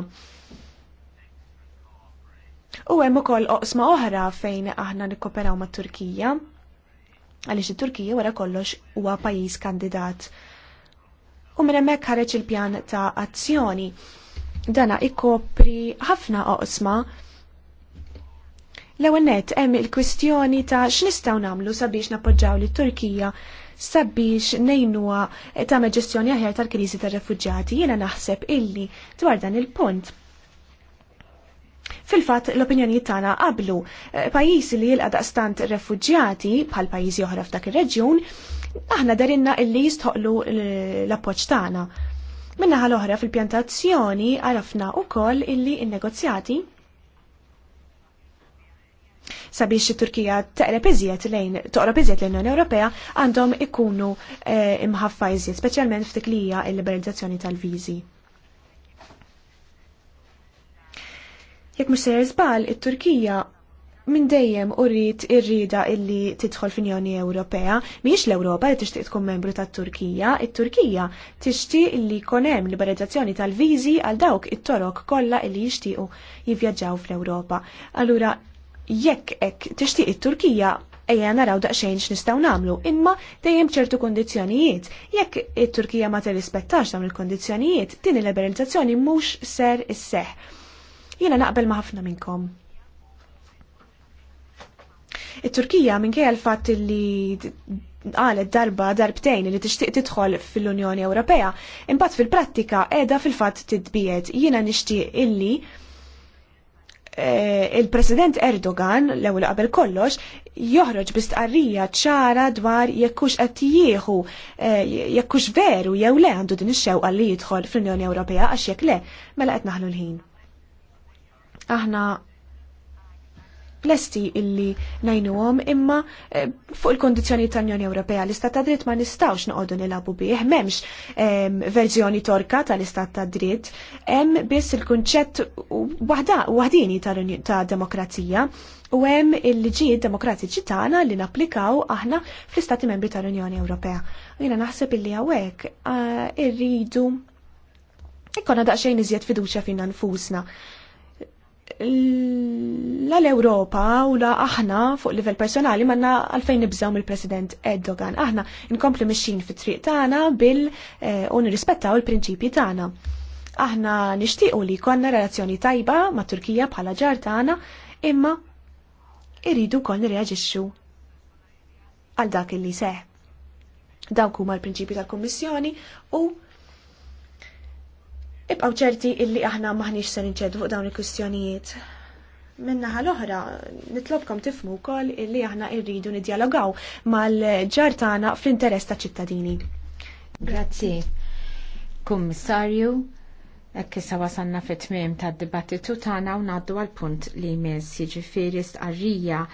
U hemm ukoll oqsma oħra fejn aħna nikkoperaw mat-Turkija għaliex it-Turkija wara kollox huwa pajjiż kandidat u minn hemmhekk ħareġ il-pjan ta' azzjoni. Dana ikkopri ħafna oqsma L-ewwel nett hemm il-kwistjoni ta' x'nistgħu nagħmlu sabiex nappoġġaw lit Turkija sabiex nejnuha tagħmel ġestjoni aħjar tal-kriżi tar-refuġġati jiena naħseb illi dwar dan il-punt. Fil-fatt l-opinjonijiet tagħna qablu eh, pajjiżi li jilqa' daqstant refuġġjati bħal pajjiżi oħra f'dak ir-reġjun aħna darinna illi jistħoqlu l-appoċ tagħna. Minna l-oħra fil-pjantazzjoni għarafna wkoll illi il negozjati sabiex it-Turkija teqra iżjed lejn toqrob lejn l-Unjoni Ewropea għandhom ikunu eh, imħaffa iżjed, speċjalment ftik li hija l-liberalizzazzjoni tal-viżi. Jekk mhux sejjer żball, it-Turkija minn dejjem urrit irrida illi tidħol fl-Unjoni Ewropea, miex l-Ewropa li tixtieq tkun membru tat-Turkija, it-Turkija tixtieq illi jkun hemm liberalizzazzjoni tal-viżi għal dawk it-torok kollha illi jixtiequ jivvjaġġaw fl-Ewropa. Allura jekk hekk tixtieq it-Turkija ejja naraw daqsxejn x'nistgħu nagħmlu, imma dejjem ċertu kondizzjonijiet. Jekk it-Turkija ma tirrispettax dawn il-kondizzjonijiet, din il-liberalizzazzjoni mhux ser isseħ. Jiena naqbel ma' ħafna minnkom. It-Turkija minkejja l-fatt li qalet darba darbtejn li tixtieq tidħol fil-Unjoni Ewropea, imbagħad fil-prattika qiegħda fil-fatt titbiet. Jiena nixtieq illi eh, il-President Erdogan, l-ewwel qabel kollox, joħroġ bistqarrija ċara dwar jekkux qed jieħu eh, jekkux veru jew le għandu din ix-xewqa li jidħol fl-Unjoni Ewropea għax jekk le mela qed naħlu l-ħin. Aħna lesti illi najnuhom imma eh, fuq il-kondizjoni tal-Unjoni Ewropea l-Istat ta' dritt ma nistawx noqogħdu nilabu bih, m'hemmx ehm, verżjoni torka tal-Istat ta' dritt, hemm biss il-kunċett waħdini ta' demokrazija u hemm il-liġijiet demokratiċi tagħna li napplikaw aħna fl-Istati Membri tal-Unjoni Ewropea. Jiena naħseb illi hawnhekk eh, irridu ikkonna daqsxejn iżjed fiduċja fina nfusna l-Europa u la aħna fuq livell personali manna għalfejn nibżaw mill-President Erdogan. Aħna nkompli mixin fit triq tagħna bil eh, u nirrispettaw il-prinċipji tagħna. Aħna nixtiequ li konna relazzjoni tajba ma' Turkija bħala ġar tagħna, imma irridu wkoll nirreaġixxu għal dak li seħ. Dawk huma l-prinċipji tal-Kummissjoni u Ibqaw ċerti illi aħna maħniex se nċedu fuq dawn il-kwistjonijiet. Minna l-oħra, nitlobkom tifmu wkoll illi aħna rridu nidjalogaw mal-ġar tagħna fl-interess ta' ċittadini. Grazzi. Kummissarju, Ekk issa wasanna fit-tmiem tad-dibattitu tagħna u ngħaddu għal punt li jmiss jiġifieri stqarrija